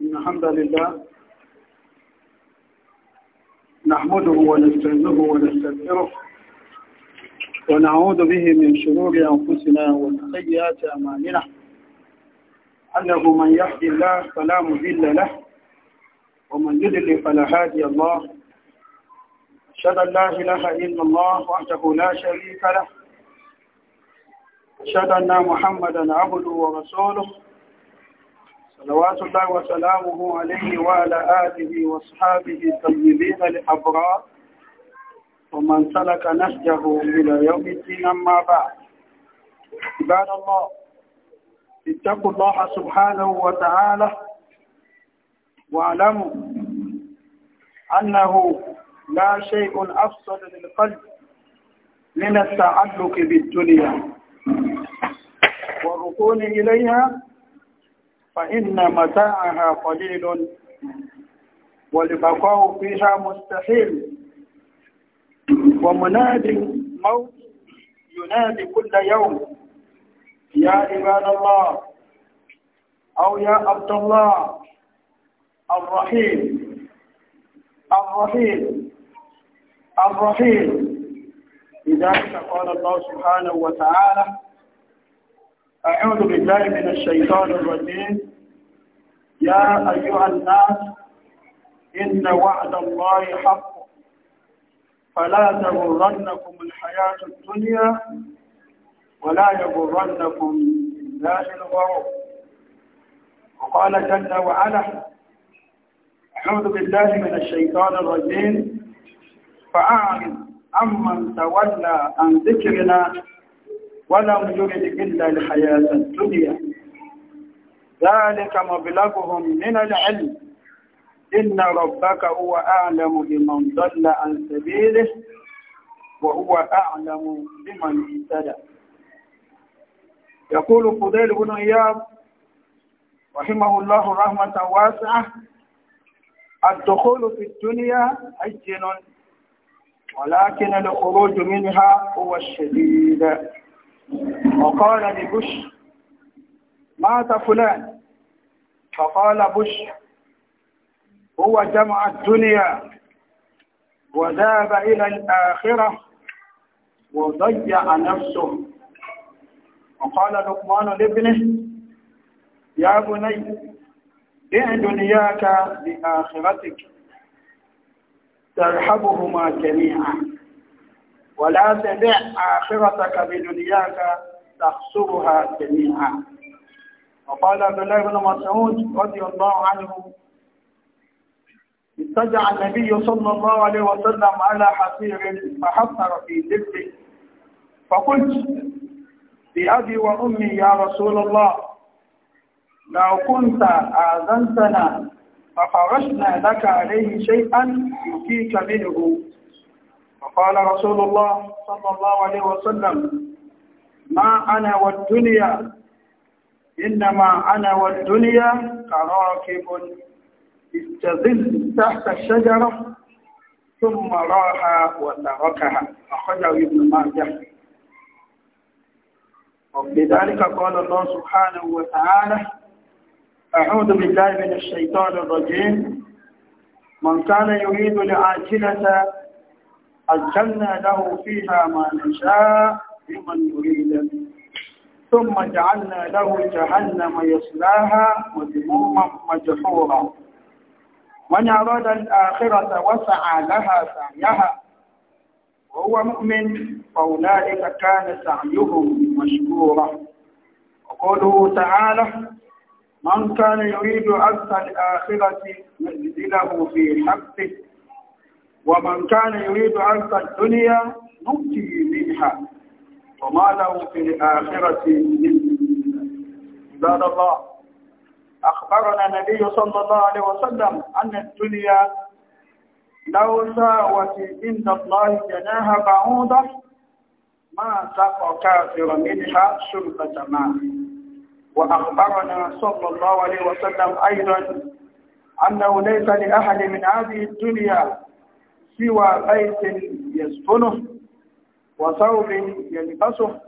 إن الحمد لله نحمده ونستعينه ونستغفره ونعوذ به من شرور أنفسنا وسيئات أعمالنا أنه من يهدي الله فلا مذل له ومن يضلل فلا هادي الله أشهد أن لا إله إلا الله وحده لا شريك له أشهد أن محمدا عبده ورسوله صلوات الله وسلامه عليه وعلى آله وأصحابه الطيبين الأبرار ومن سلك نهجه إلى يوم الدين أما بعد عباد الله اتقوا الله سبحانه وتعالى واعلموا أنه لا شيء أفصل للقلب من التعلق بالدنيا والركون إليها فإن متاعها قليل والبقاء فيها مستحيل ومنادي الموت ينادي كل يوم يا عباد الله أو يا عبد الله الرحيم الرحيم الرحيم لذلك قال الله سبحانه وتعالى أعوذ بالله من الشيطان الرجيم يا أيها الناس إن وعد الله حق فلا تغرنكم الحياة الدنيا ولا يغرنكم بالله الغرور وقال جل وعلا أعوذ بالله من الشيطان الرجيم فأعلم عمن تولى عن ذكرنا ولم يرد إلا الحياة الدنيا ذلك مبلغهم من العلم إن ربك هو أعلم بمن ضل عن سبيله وهو أعلم بمن اهتدى يقول فضيل بن إياب رحمه الله رحمة واسعة الدخول في الدنيا هجن ولكن الخروج منها هو الشديد وقال لبش مات فلان فقال بش هو جمع الدنيا وذاب إلى الآخرة وضيع نفسه وقال لقمان لابنه يا بني بع دنياك بآخرتك ترحبهما جميعا ولا تدع آخرتك بدنياك تخسرها جميعا وقال عبد الله بن مسعود رضي الله عنه اتجع النبي صلى الله عليه وسلم على حصير فحصر في دبه فقلت بأبي وأمي يا رسول الله لو كنت آذنتنا ففرشنا لك عليه شيئا يكيك منه فقال رسول الله صلى الله عليه وسلم ما أنا والدنيا إنما أنا والدنيا كراكب استظل تحت الشجرة ثم راح وتركها أخرجه ابن ماجه وبذلك قال الله سبحانه وتعالى أعوذ بالله من الشيطان الرجيم من كان يريد العاجلة عجلنا له فيها ما نشاء لمن يريد ثم جعلنا له جهنم يصلاها مذموما مجحورا من أراد الآخرة وسعى لها سعيها وهو مؤمن فأولئك كان سعيهم مشكورا وقوله تعالى من كان يريد أرث الآخرة نزله في حقه ومن كان يريد عرض الدنيا نؤتي منها وما له في الآخرة عباد الله أخبرنا النبي صلى الله عليه وسلم أن الدنيا لو ساوت عند الله جناها بعوضة ما سقى كافر منها شربة ماء وأخبرنا صلى الله عليه وسلم أيضا أنه ليس لأحد من هذه الدنيا سوى بيت يسكنه وثوب يلبسه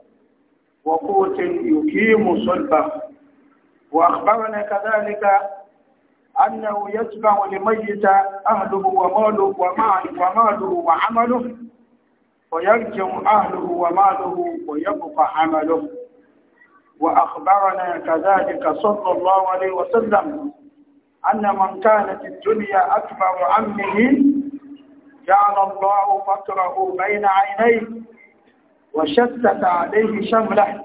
وقوت يقيم صلبه وأخبرنا كذلك أنه يتبع لميت أهله وماله وماله وعمله ويرجع أهله وماله ويبقى عمله وأخبرنا كذلك صلى الله عليه وسلم أن من كانت الدنيا أكبر عمه جعل الله فكره بين عينيه وشتت عليه شمله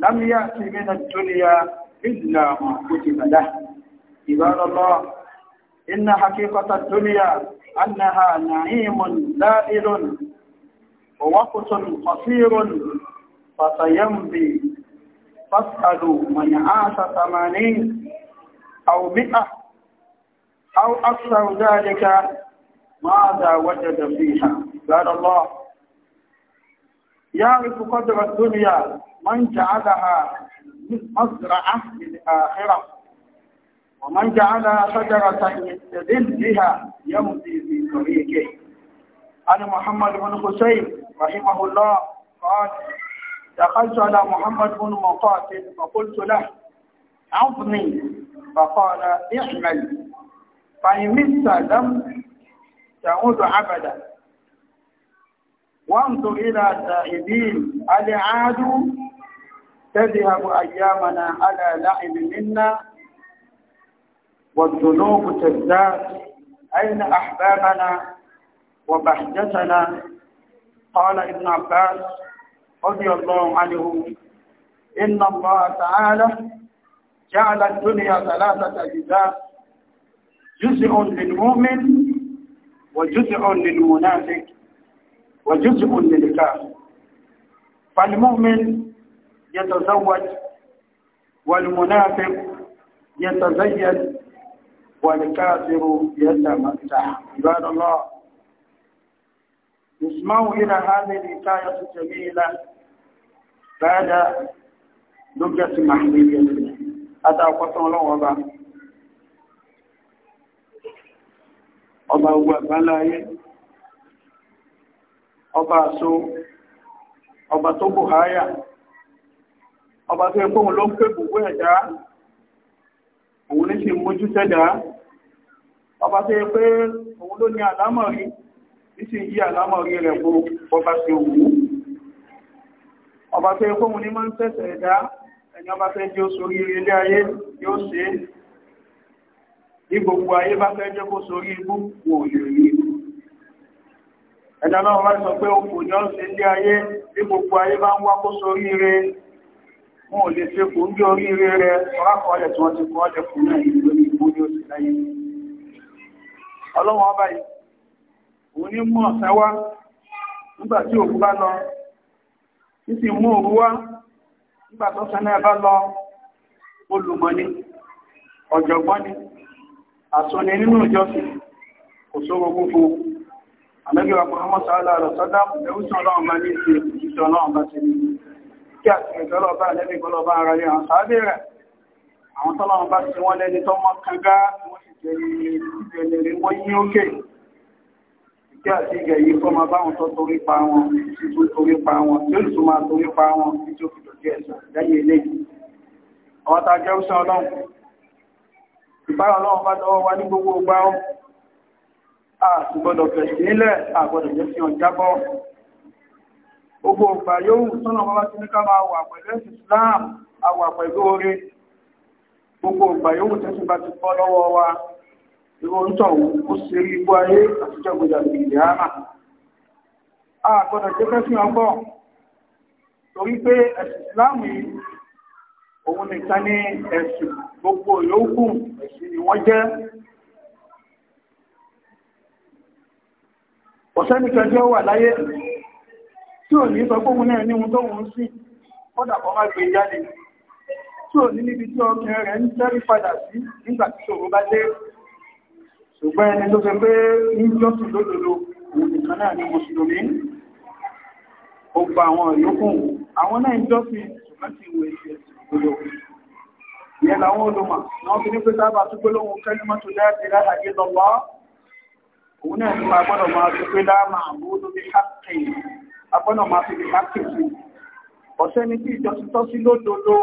ولم يأت من الدنيا إلا ما كتب له عباد الله إن حقيقة الدنيا أنها نعيم زائل ووقت قصير فسيمضي فاسألوا من عاش ثمانين أو مئة أو أكثر ذلك ماذا وجد فيها قال الله يعرف قدر الدنيا من جعلها مزرعة للآخرة ومن جعلها شجرة يستدل بها يمضي في طريقه أنا محمد بن حسين رحمه الله قال دخلت على محمد بن مقاتل فقلت له عظني فقال اعمل فإن مت لم تعود عبدا وانظر إلى التائبين هل عادوا تذهب أيامنا على لعب منا والذنوب تزداد أين أحبابنا وبهجتنا قال ابن عباس رضي الله عنه إن الله تعالى جعل الدنيا ثلاثة أجزاء جزء للمؤمن وجزء للمنافق وجزء للكافر فالمؤمن يتزوج والمنافق يتزين والكافر يتمتع عباد الله اسمعوا إلى هذه الحكاية الجميلة بعد لجة محمية أتى قصر الله وبعد ọba ogun àgbálá ayé ọba àṣó ọba tó bò háyà ọba tó ẹkùn ló ń pè gbogbo ẹ̀dá òun ní sí mójú tẹ́dá ọba tó yẹ pé òun ló ní àlámọ̀rí nísì yí àlámọ̀rí rẹ̀ bó ọba tó wù ọba tó ẹkùn ní máa ń tẹ́sẹ̀ ẹ̀dá ẹni ọba fẹ́ di oṣù orí ilé ayé yóò ṣe é bí gbogbo ayé bá fẹ́ jẹ́ kó sórí ibú wò lè rí ibú. ẹ̀dá náà wá sọ pé òkú ni ó ń ṣe ilé ayé bí gbogbo ayé bá ń wá kó sórí ire wọn ò lè ṣe kò ń gbé orí ire rẹ ọlákọọlẹ tí wọn ti kọ ọlẹ fún náà ìlú ní ibú ní oṣù láyé. ọlọ́wọ́n ọba yìí òun ní mú ọ̀sán wá òkú bá lọ nísì mú òru wá nígbà tó bá lọ olùmọ̀ ni ọ̀jọ̀gbọ́n ni àsọni nínú ìjọsìn kò sóró gbogbo àmẹ́gbẹ̀wà Muhammad sallallahu alaihi wasallam ẹ̀wùsàn ọlọ́run bá ní ìṣe ìṣẹ́ ọlọ́run bá ti ní kí àti ìjọlọ́bá ẹlẹ́bí gọlọ́bá ara rẹ̀ àwọn sáábẹ̀ rẹ̀ àwọn tọ́lọ́run bá ti wọ́n lẹ́ni tó mọ́ kanga wọ́n sì jẹ́ ìjẹ́ lè wọ́n yí ókè kí àti ìgẹ̀ yìí kọ́ máa báwọn tó torí pa wọn títú torí pa wọn tí ó sì máa torí pa wọn tí ó fi dọ̀jẹ́ ẹ̀sán lẹ́yìn eléyìí ọ̀tá jẹ́ òṣìṣẹ́ ọlọ́run ìbára ọlọ́run bá dọwọ́ wa ní gbogbo ọgbà ọ́ àtùgbọ́dọ̀ fẹ̀sì nílẹ̀ àgbọ́dọ̀ jẹ́ sí ọjábọ́ gbogbo ọgbà yóò tọ́nà bá ti ní ká máa wà pẹ̀lú Islam àwà pẹ̀lú oore gbogbo ọgbà yóò tẹ́sí bá ti fọ́ lọ́wọ́ wa ìwọ ń tọ̀ ó ṣe rí ibú ayé àtijọ́ gbọdọ̀ ìgbìyà àmà àgbọ́dọ̀ jẹ́ fẹ́ sí ọgbọ́ torí pé ẹ̀sìn Islam yìí òun nìkan ní ẹ̀sìn gbogbo yòókù ẹ̀sìn ni wọ́n jẹ́ ọ̀sẹ́nìkẹjọ́ wà láyé tí ò ní sọ gbóhun náà ní ohun tó wọ́n sí kódà kọ́ máa gbé jáde tí ò ní níbi tí ọkùnrin rẹ̀ ń tẹ́rí padà sí nígbà tí ṣòro bá dé ṣùgbọ́n ẹni tó fẹ́ pé ní jọ́sìn lódodo òun nìkan náà ni mùsùlùmí ó gba àwọn ìyókù àwọn náà ń jọ́sìn ṣùgbọ́n ti wọ ìṣẹ́ lódodo ìyẹn làwọn olùmọ̀ náà fi ní pé sábà tó gbé lóhun kẹ́límọ́ tó dá ìlà àyè lọ́lọ́ òun náà nípa gbọ́dọ̀ máa fi pé dáàmà àbúrò bí hákì agbọ́dọ̀ máa fi bí hákì sí ọ̀sẹ́ ni tí ìjọsìn tọ́ sí lódodo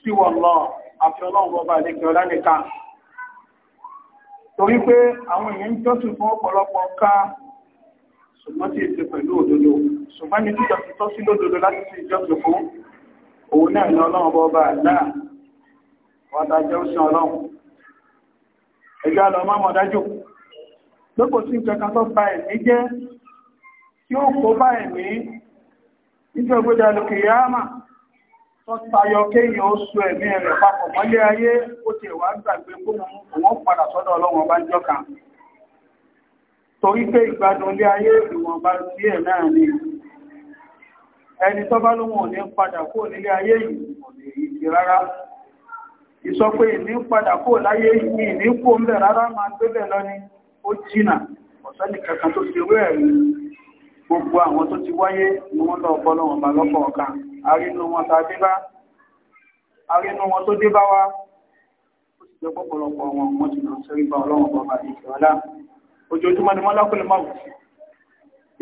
sí wọ̀ lọ àfi ọlọ́run bọ́ba àlejò ọlá nìkan torí pé àwọn èèyàn ń jọ́sìn fún ọ̀pọ̀lọpọ̀ wàtàjẹ́ òṣìn ọlọ́run ẹjọ́ àlọ́ máa mọ̀ dájú lókò sí ìjọkan tó bá ẹ̀mí jẹ́ tí ó kó bá ẹ̀mí nígbà ògbódà lókè yáàmà tó tayọ kéèyàn ó so ẹ̀mí rẹ̀ papọ̀ mọ́lé ayé ó ti wà gbàgbé òun padà sọ́dọ̀ ọlọ́run ọba jọ kan torí pé ìgbádùn ilé ayé ìwọ̀nba sí ẹ̀ náà ni ẹni tó bá lóhun ò ní padà kúrò nílé ayé yìí kò lè ìsọ pé ìní padà kó láyé ìní kó ń bẹ̀ rárá máa gbébẹ̀ lọ ni ó jìnà ọ̀sẹ́ni kankan tó ti wẹ́ ẹ̀rí gbogbo àwọn tó ti wáyé ni wọ́n lọ ọpọlọ wọn bá lọ́pọ̀ ọ̀ka arínú wọn tó dé bá wá ó ti jẹ́ pọ̀pọ̀lọpọ̀ wọn wọ́n ti lọ sẹ́rí bá ọlọ́wọ̀n bàbá ìfẹ́ ọlá ojoojúmọ́ ni wọ́n lápẹ́lẹ̀ máa wù sí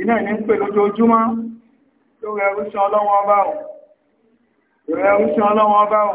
iná ìní ń pè lójoojúmọ́ lórí ẹrúsìn ọlọ́wọ́n ọba ò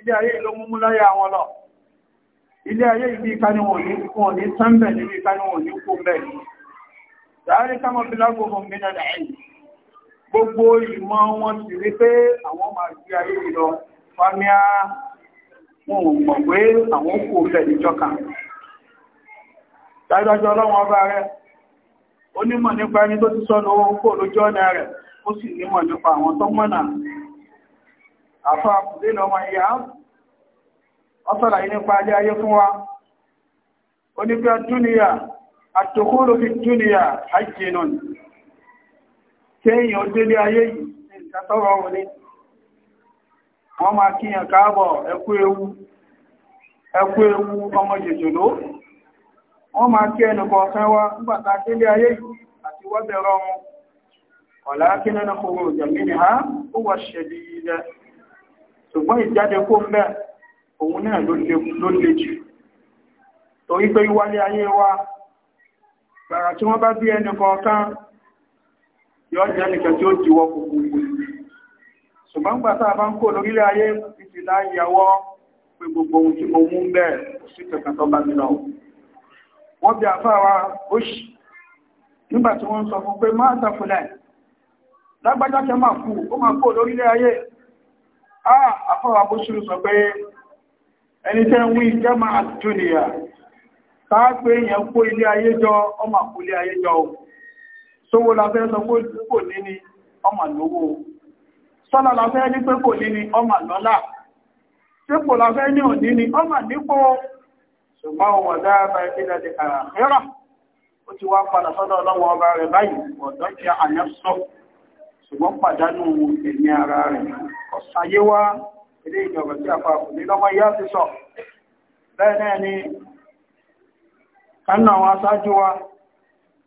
ilé ayé ló múmú láyé àwọn lọ ilé ayé ibi ìkániwọ̀n ní fún ọ̀ní sánbẹ̀ níbi ìkániwọ̀n ní kó bẹ̀ láàrín sámọ́ bí lágbogbo mìírànlẹ̀ gbogbo ìmọ̀ wọn sì rí pé àwọn máa gbé ayé lọ fámíà wọn ò mọ̀ pé àwọn kò bẹ̀ níjọ́ kan dájọ́jọ́ ọlọ́run ọba rẹ̀ onímọ̀ nípa ẹni tó ti sọ́nà owó kó lójú ọ̀nà rẹ̀ ó sì nímọ̀ nípa àwọn tó mọ̀nà àfá àkùdé lọ́mọ ìyá ọ́sọ̀lá yìí nípa ajé ayé fún wa ó ní pé dúnìyà àtòkúrò fi dúnìyà àjìnà kéèyàn délé ayé yìí nǹkan tọ́rọ wọlé wọ́n máa kíyàn káàbọ̀ ẹkú ewu ọmọ jòjòló wọ́n máa kí ẹnùkọ̀ ọ̀fẹ́ wá nígbàtà délé ayé yìí àti wọ́bẹ̀rọ wọn ọ̀lá kí nínú kòrò jẹ̀mí ha ó wà ṣẹ̀dí ilẹ̀ ṣùgbọ́n ìjáde kó mẹ́ òun náà ló le jù torí pé ìwálé ayé wa gbàrà tí wọ́n bá bí ẹni kọ̀ọ̀kan yóò jẹ́ nìkan tí ó jíwọ́ kòkòrò ṣùgbọ́n gbà tá a bá ń kó lórílẹ̀ ayé ìtìlá ìyàwó pé gbogbo ohun tí mo mú ń bẹ̀ sí kẹ̀kẹ́ tó bá mi lọ wọ́n bí àfáwa oṣì nígbà tí wọ́n sọ fún pé máa tàfúnlẹ̀ lágbájá kẹ máa kú ó máa kó lórílẹ̀ ayé àfọwà ah, bó ṣúrù sọ pé ẹni tẹ́ wí jẹ́mà àtúnìyà tàápé èèyàn kó ilé ayéjọ ọmọ àkúlé ayéjọ o sówó lafẹ́ sọ pé kò ní ní ọmọ lówó sọ́lá lafẹ́ ní pé kò ní ní ọmọ lọ́lá sípò lafẹ́ ní ní ṣùgbọ́n ṣùgbọ́n pàdánù ṣayé wá ilé ìjọba tí afọ ní lọ́mọ ìyá ti sọ bẹ́ẹ̀ náà ni kánà wọn aṣáájú wa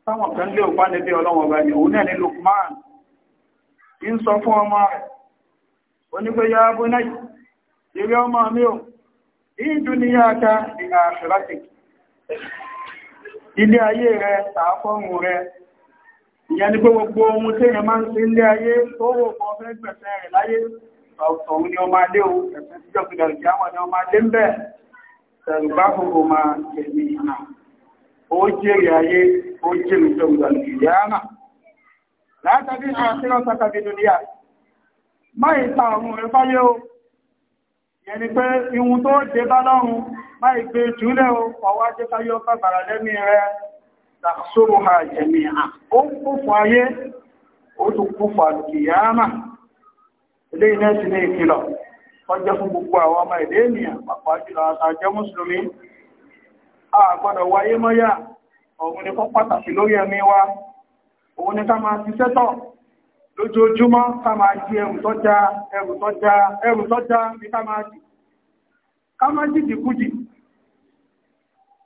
táwọn kan lè òpá níbi ọlọ́wọ̀n bá ní òun ní Lukman ń sọ fún ọmọ rẹ̀ ọmọ mi ò ní ilé ayé rẹ̀ rẹ̀ ìyẹn ni pé gbogbo ohun tí máa ń ọ̀tọ̀un ni ọmọ alé o ẹ̀sùn tí jọ́gbìdà ìjáwọ̀ ni ọmọ alé ń bẹ̀ tẹ̀rù bá gbogbo ma tẹ̀mí ìhà ó jèrè ayé ó jèrè jọ́gbìdà ìjáwọ̀ látàbí àṣírọ́ sátàbí dúníà má ìta ọ̀run rẹ̀ fáyé o yẹni pé ihun tó dé bá lọ́run má ìgbé jùlẹ̀ o ọwá jẹ́ fáyọ́ bàbàrà lẹ́mí rẹ̀ tàṣóró ha jẹ̀mí ó kúfù ayé ó tún kúfù àlùkìyàmà ilé iná sí ní ìkìlọ̀ ọjọ́ fún gbogbo àwọn ọmọ èdè ènìyàn pàpàá jùlọ àtàjẹ́ mùsùlùmí a gbọ́dọ̀ wáyé mọ́yà òun ni fún pàtàkì lórí ẹ̀mí wa òun ni ká máa ti sẹ́tọ̀ lójoojúmọ́ ká máa jí ẹrù tó já ẹrù tó já ẹrù tó já ní ká máa jì ká máa jìdì kújì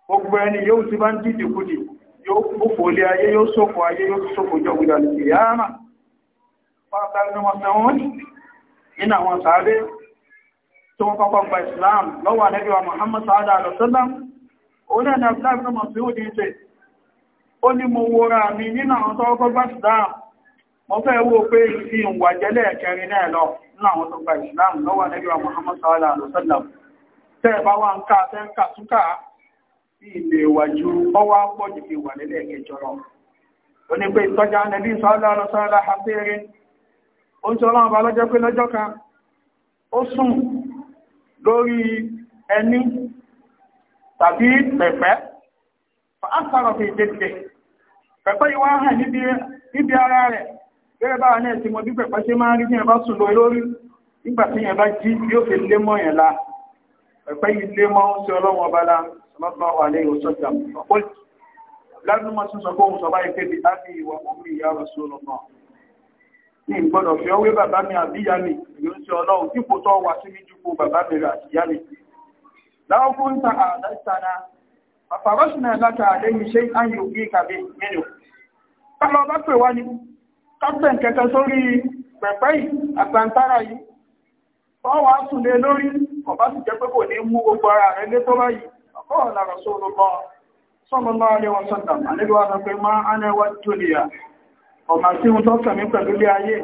gbogbo ẹni yóò ti bá ń jìdì kújì yóò fòfò nínú àwọn sàárè tí wọ́n kọ́kọ́ gba islam lọ́wọ́ anẹ́bíwa muhammad sa'adà alọ́sọ́lám oní ẹ̀nà islam ní masoud ń ṣe ó ní mo wòrà mi nínú àwọn tó kọ́kọ́ gba islam mo fẹ́ wò pé ìfi ìwà jẹ́lẹ̀ kẹrin náà lọ nínú àwọn tó gba islam lọ́wọ́ muhammad na ó ń sọ ọlọ́run bá lọ́jọ́ pé lọ́jọ́ kan ó sùn lórí ẹni tàbí pẹ̀pẹ́ fàásàrọ̀ fi ìdẹ́gbẹ̀ pẹ̀pẹ́ ìwá hàn níbi ara rẹ̀ gẹ́gẹ́ bá náà ti mọ̀ bí pẹ̀pẹ́ ṣe máa rí ní ẹ̀bá sùn lórí nígbà tí ẹ̀bá jí yóò fi lé mọ́ yẹn la pẹ̀pẹ́ yìí lé mọ́ sí ọlọ́run ọba la ọlọ́pàá wà lẹ́yìn òṣọ́jà ọ̀pọ̀ lẹ́nu mọ́ sí sọ pé òun sọ báyìí pé bí á omi ìyá rọ̀ sí ọlọ́pàá ní ìgbọ́dọ̀ fi ọwé bàbá mi àbí ìyá mi ìlú ń ṣe ọlọ́run dípò tó wà sí mi dípò bàbá mi rà àti ìyá mi. láwọn fún ta àdáṣáná àfàrọ́sùnà láta àdéhùn ṣe áyè òbí kàbí mẹ́nu. kálọ̀ bá pè wá ní kápẹ́ kẹta sórí pẹ̀pẹ́ yìí yìí. wọ́n wàá lórí ọ̀bá ọmọ sí ohun tó kẹ̀mí pẹ̀lú ilé ayé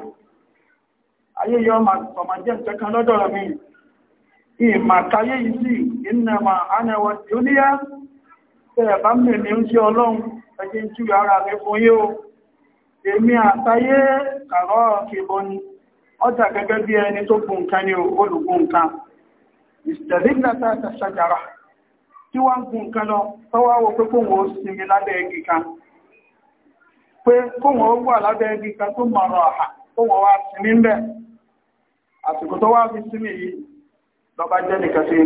ayé yọ ọmọ jẹ́ ìtẹ́kan lọ́dọ̀ mi ìmàkayé yìí sí ìnàmà anẹwọ̀ tí ó níyá tẹ́ẹ̀ bá mẹ́mí ń ṣe ọlọ́run ẹgbẹ́ ń tú ara rẹ̀ fún yé o èmi àtayé kàrọ́ kìbọn ni ọjà gẹ́gẹ́ bí ẹni tí wọ́n gùn nǹkan lọ tọ́wọ́ pẹ́kùn wọ́n sinmi lábẹ́ igi kan pé kóhùn ó wà lábẹ́ ibi kan tó mọ̀rọ̀ àhà kóhùn wá sinmi ń bẹ̀ àsìkò tó wá fi sinmi yìí lọ́ba jẹ́ nìkan sí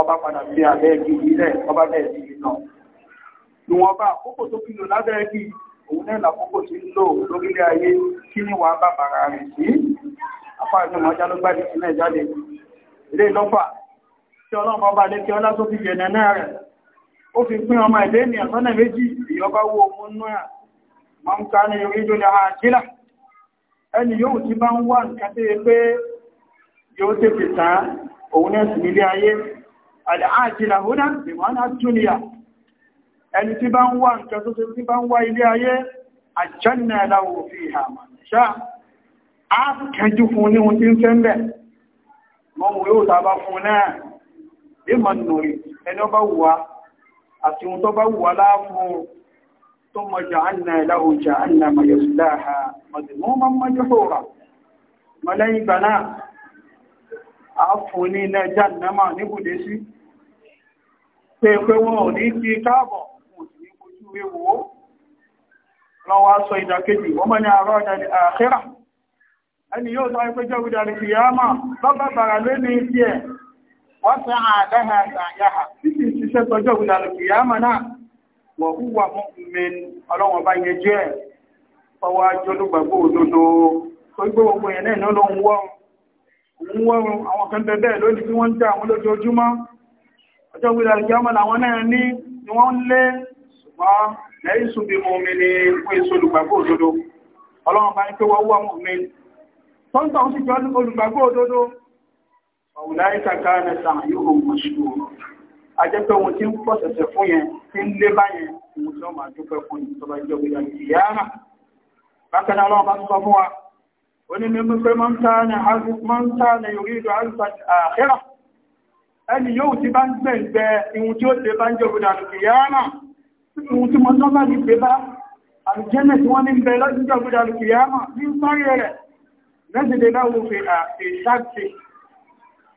ọba padà sí abẹ́ igi yìí ọba bẹ́ẹ̀ sí yìí náà ìwọ̀n bá àkókò tó lò lábẹ́ igi òun náà làkókò tí ń lò lórílẹ̀ ayé kí wàá bá bàrà sí apá ìlú ló gbádìí sílẹ̀ jáde ilé ìlọ́fà tí ọlọ́run ọba lé kí ọlá tó fi jẹ̀ ó fi pín ọmọ ẹ̀dẹ́ ènìyàn sọ́nà méjì ìyọba wo mú náà ma ń ká ní orí ìjọlẹ̀ àkílà ẹni yóò ti bá ń wà nǹkan tí ó pé yóò tètè tán òun náà sì nílé ayé àkílà húnà ìmọ̀nà túnìyà ẹni tí bá ń wà nǹkan tó tó tí bá ń wà ilé ayé àjọ́nà ẹ̀láwò fi hàmà ṣá àti ohun tó bá wù wá láàfún tó mọ̀jọ̀ ànà ìlàhùjà ànà mayọ̀síláha mọ̀dìmọ́ mọ́jọ́ hóra mọ́lẹ́yìn ìgbà náà àfún ní iná jàndàmà níbùdé sí pé pé wọn ò ní kí káàbọ̀ ẹni yóò sọ ẹgbẹ́jọ́ ìdàlẹ̀ kìyàmà lọ́gbàbàrà lé ní ibi ẹ̀ wọ́n fẹ́ àdáhà àdáhà títí ṣiṣẹ́ tọjọ́ ìdàlù kìyàmà náà wọ̀ húwà mú mẹ́rin ọlọ́wọ̀n bá yẹ jẹ́ ọwọ́ ajọ́lúgbàgbó òdodo tó gbé gbogbo yẹn náà ló ń wọ́run àwọn kan bẹ́ẹ̀ lónìí tí wọ́n ń tẹ́ àwọn lójoojúmọ́ ọjọ́ ìdàlù kìyàmà làwọn náà ní ni wọ́n ń lé ṣùgbọ́n lẹ́yìn ṣùgbọ́n ọ̀wùláìkà káàrẹ̀ sàmàyíhùn mọ̀ṣù ajẹ́pẹ́ ohun tí ń pọ̀sẹ̀sẹ̀ fún yẹn tí ń lé báyẹn ohun tí ó máa dúpẹ́ fún ìjọba ìjọba ìyá ìyára bákan náà lọ́wọ́ bá sọ fún wa ó ní mímú pé máa ń tà ní orí ìlú àríkà ẹni yóò ti bá ń gbẹ̀ǹgbẹ̀ ihun tí ó lè bá ń jọ ìjọba ìyára ihun tí mo tọ́ bá ní pé bá àrùjẹ́nẹ̀ tí wọ́n ní bẹ lọ́jọ́ ìjọba ìyára ní sáré rẹ̀ lẹ́sìn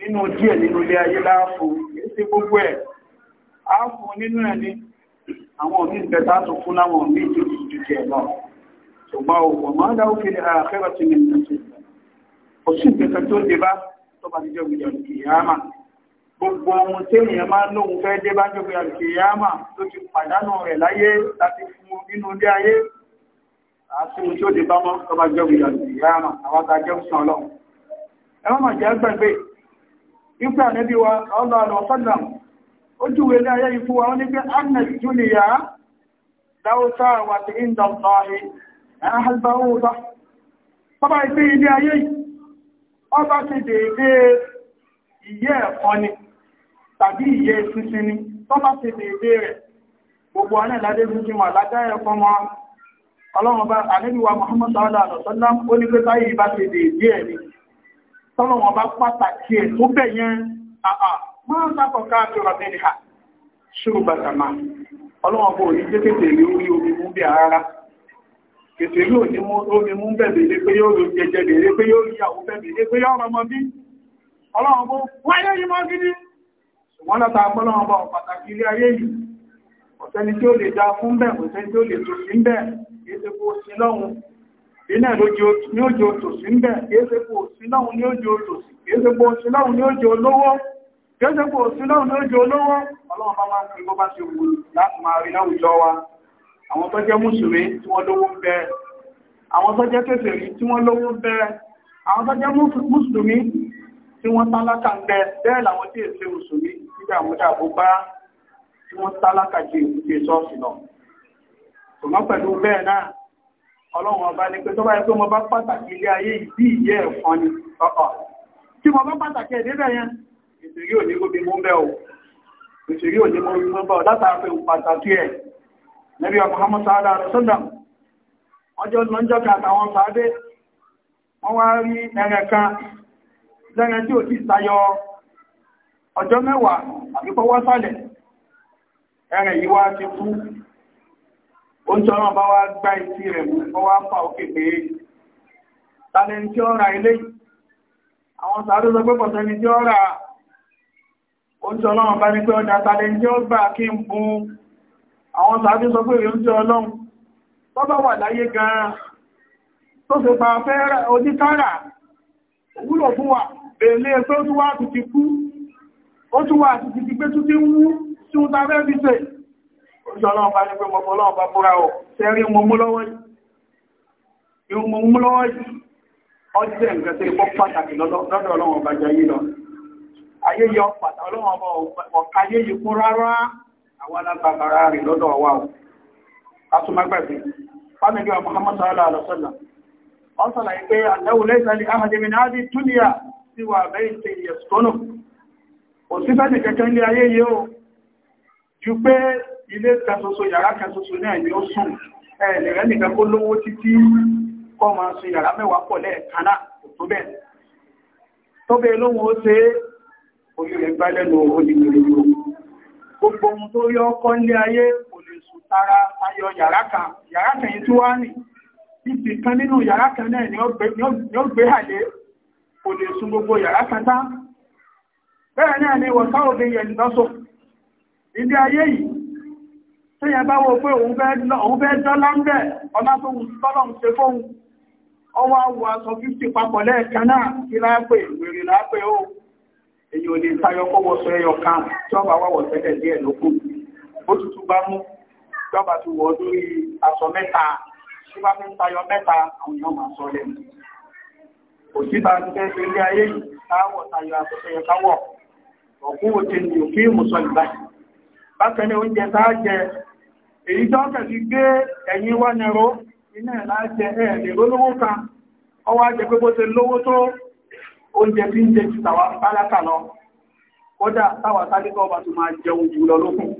nínú díẹ̀ nínú ilé ayé láàfò èsì gbogbo ẹ̀ áàfò nínú ẹ̀ ní àwọn omi ìgbẹ̀ta tó fún láwọn omi ìjòjì ẹ̀lọ́ ṣùgbọ́n òwò máa dáwó fi ní àkẹ́rọ̀ tí ní ìrìnàṣẹ́ òsì ìgbẹ̀ta tó dé bá tó bá ti jẹ́gbìyà kìyàmà gbogbo ohun tí èèyàn máa lóhun fẹ́ dé bá jẹ́gbìyà kìyàmà tó ti pàdánù rẹ̀ láyé láti fún nínú ilé ayé àti ohun tí ó dé bá mọ́ tó bá jẹ́gbìyà kìyàmà àwọn tá a jẹ́ ìpé ànẹ́bí wa ọlọ́ọ̀lọ́ ọ̀sọ́dàm ó júwe ní ayé ifu wa ó ní anna juniya dáúsá wà ti inda ọ̀tọ́rí ahalbáwọ́sá bọ́bá ìpé ọba ti dèédé ìyẹ́ ẹ̀kọ́ ni tabi iye sísin ni tọ́bá ti dèédé rẹ̀ gbogbo anẹ́ ìlàdé sísin wà ga ẹ̀kọ́ ọlọ́run wa muhammadu ó ní pé táyé ìbá tọ́lọ̀ wọn bá pàtàkì ẹ̀ tó bẹ̀ yẹn àà máa sápọ̀ káàkiri ọ̀rọ̀ mẹ́rin ha ṣúrù bàtàmà ọlọ́wọ́n bó ní jẹ́kẹ̀tẹ̀ lé orí omi mú bẹ̀ rárá kẹ̀tẹ̀ yóò ní omi mú bẹ̀bẹ̀ lé pé yóò jẹjẹ lè pé yóò rí àwọn bẹ̀bẹ̀ lé pé yóò rọmọ bí ọlọ́wọ́n bó wáyé yìí mọ́ gidi ṣùgbọ́n látà ọlọ́wọ́n bá pàtàkì ilé ayé yìí ọ̀sẹ́ni tí ó lè dá fún bẹ̀ ọ̀sẹ́ni tí ó lè tòṣì ń bẹ̀ kí iná na òjò òtòsí ń bẹ̀ kéèsèpò síláhùn ní òjò òtòsí kéèsèpò síláhùn ní wa àwọn tó jẹ́ mùsùlùmí tí wọ́n lówó ń bẹ àwọn tó jẹ́ kèfèrí tí wọ́n lówó ń àwọn tó jẹ́ mùsùlùmí tí wọ́n tálákà ń bẹ́ẹ̀ làwọn tí mùsùlùmí ọlọ́run ọba ní pé tó bá yẹ pé mo bá pàtàkì ilé ayé ìdí ìyẹ́ ẹ̀kan ni ọ̀pọ̀ tí mo bá pàtàkì ẹ̀ débẹ̀ yẹn ìṣèrí òní o ìṣèrí òní mú mú bẹ́ o látara pé pàtàkì ẹ̀ Nabi Muhammad sallallahu alaihi wasallam ọjọ́ lọ́jọ́ kan àtàwọn sáré wọ́n wá rí ẹ̀rẹ̀ kan lẹ́rẹ̀ tí ò ti sayọ ọjọ́ mẹ́wàá àbíkọwọ́ sálẹ̀ ẹ̀rẹ̀ yìí wá ti kú ó ń tọ́rọ bá wá gbá ìtì rẹ̀ mú ọ wá fà òkè pé tàbí tí ó ra ilé àwọn sàádó sọ pé pọ̀tẹ́ ni tí ó ra ó ń tọ́rọ bá ní pé ọjà tàbí tí ó gbà kí ń bú àwọn sàádó sọ pé èyí ń tẹ́ ọlọ́run tó bá wà láyé gan-an tó sì pa fẹ́ oníkárà wúlò fún wa èlé pé ó tún wá àti ti kú ó tún wá àti ti gbé tún ti ń wú tí ó ta fẹ́ fi ṣe Ọlọ́run bá ní pé mọ̀bọ̀ ọlọ́run bá búra ọ̀ tẹ́rí mọ mú lọ́wọ́ yìí, ọjẹ́ nǹkan tí ó pàtàkì lọ́dọ̀ ọlọ́run ọba jẹ́ yìí lọ. Ayé yọ pàtàkì ọlọ́run ọba ọ̀ka yé yìí kún Muhammad sallallahu alaihi wa sallam. Ọ sàlàyé pé àdáwò lẹ́sà Adi Túnìyà sí wà bẹ́yìn ti Yẹ̀sùtọ́nù. Òsífẹ́ nìkẹ́kẹ́ ní ayé yìí ó ju pé ilé kan ṣoṣo yàrá kan ṣoṣo náà ni ó sùn ẹ̀ẹ̀lẹ̀rẹ́ nìkan kó lówó títí kọ́ máa sun yàrá mẹ́wàá pọ̀ lẹ́ẹ̀kan náà kò tó bẹ́ẹ̀ tó bẹ́ẹ̀ lóhun ó ṣe orí rẹ̀ gbá lẹ́nu òun ni gbèrègbè gbogbo ohun tó yọ ọkọ́ ilé ayé kò lè sùn tara ayọ̀ ni ó gbé àlé kò lè ni wọ̀sáwọ̀ bí yẹ̀ ń dọ́sọ̀ ayé yìí tí yẹn bá wo pé òun fẹ́ dọ́lá ń bẹ̀ ọlá tó wù tọ́lọ̀ ń ṣe fóun ọwọ́ àwọ̀ aṣọ 50 papọ̀ lẹ́ẹ̀kan náà kí láàpẹ̀ wèrè láàpẹ̀ ó èyí ò lè tayọ kọ́wọ́ sọ ẹyọ kan tí ọba wàwọ̀ tẹ́lẹ̀ díẹ̀ lókù ó tutù bá mú tí ọba ti wọ̀ lórí aṣọ mẹ́ta tí bá fi ń tayọ mẹ́ta àwọn èèyàn máa sọ lẹ́nu òsì bá ti fẹ́ fi ilé ayé yìí káwọ̀ tayọ aṣọ tẹ́yẹ káwọ̀ ọ̀kú òtí ni èyí tó kẹ̀sí gbé ẹ̀yìn wá nẹ̀rọ iná ẹ̀ láti ẹ̀ẹ̀lẹ̀ lólówó kan ọwá jẹ pé bó ṣe lówó tó oúnjẹ tí ń jẹ ti tàwa pálákà lọ kódà táwà ọba tó máa jẹun jù lọ lókùn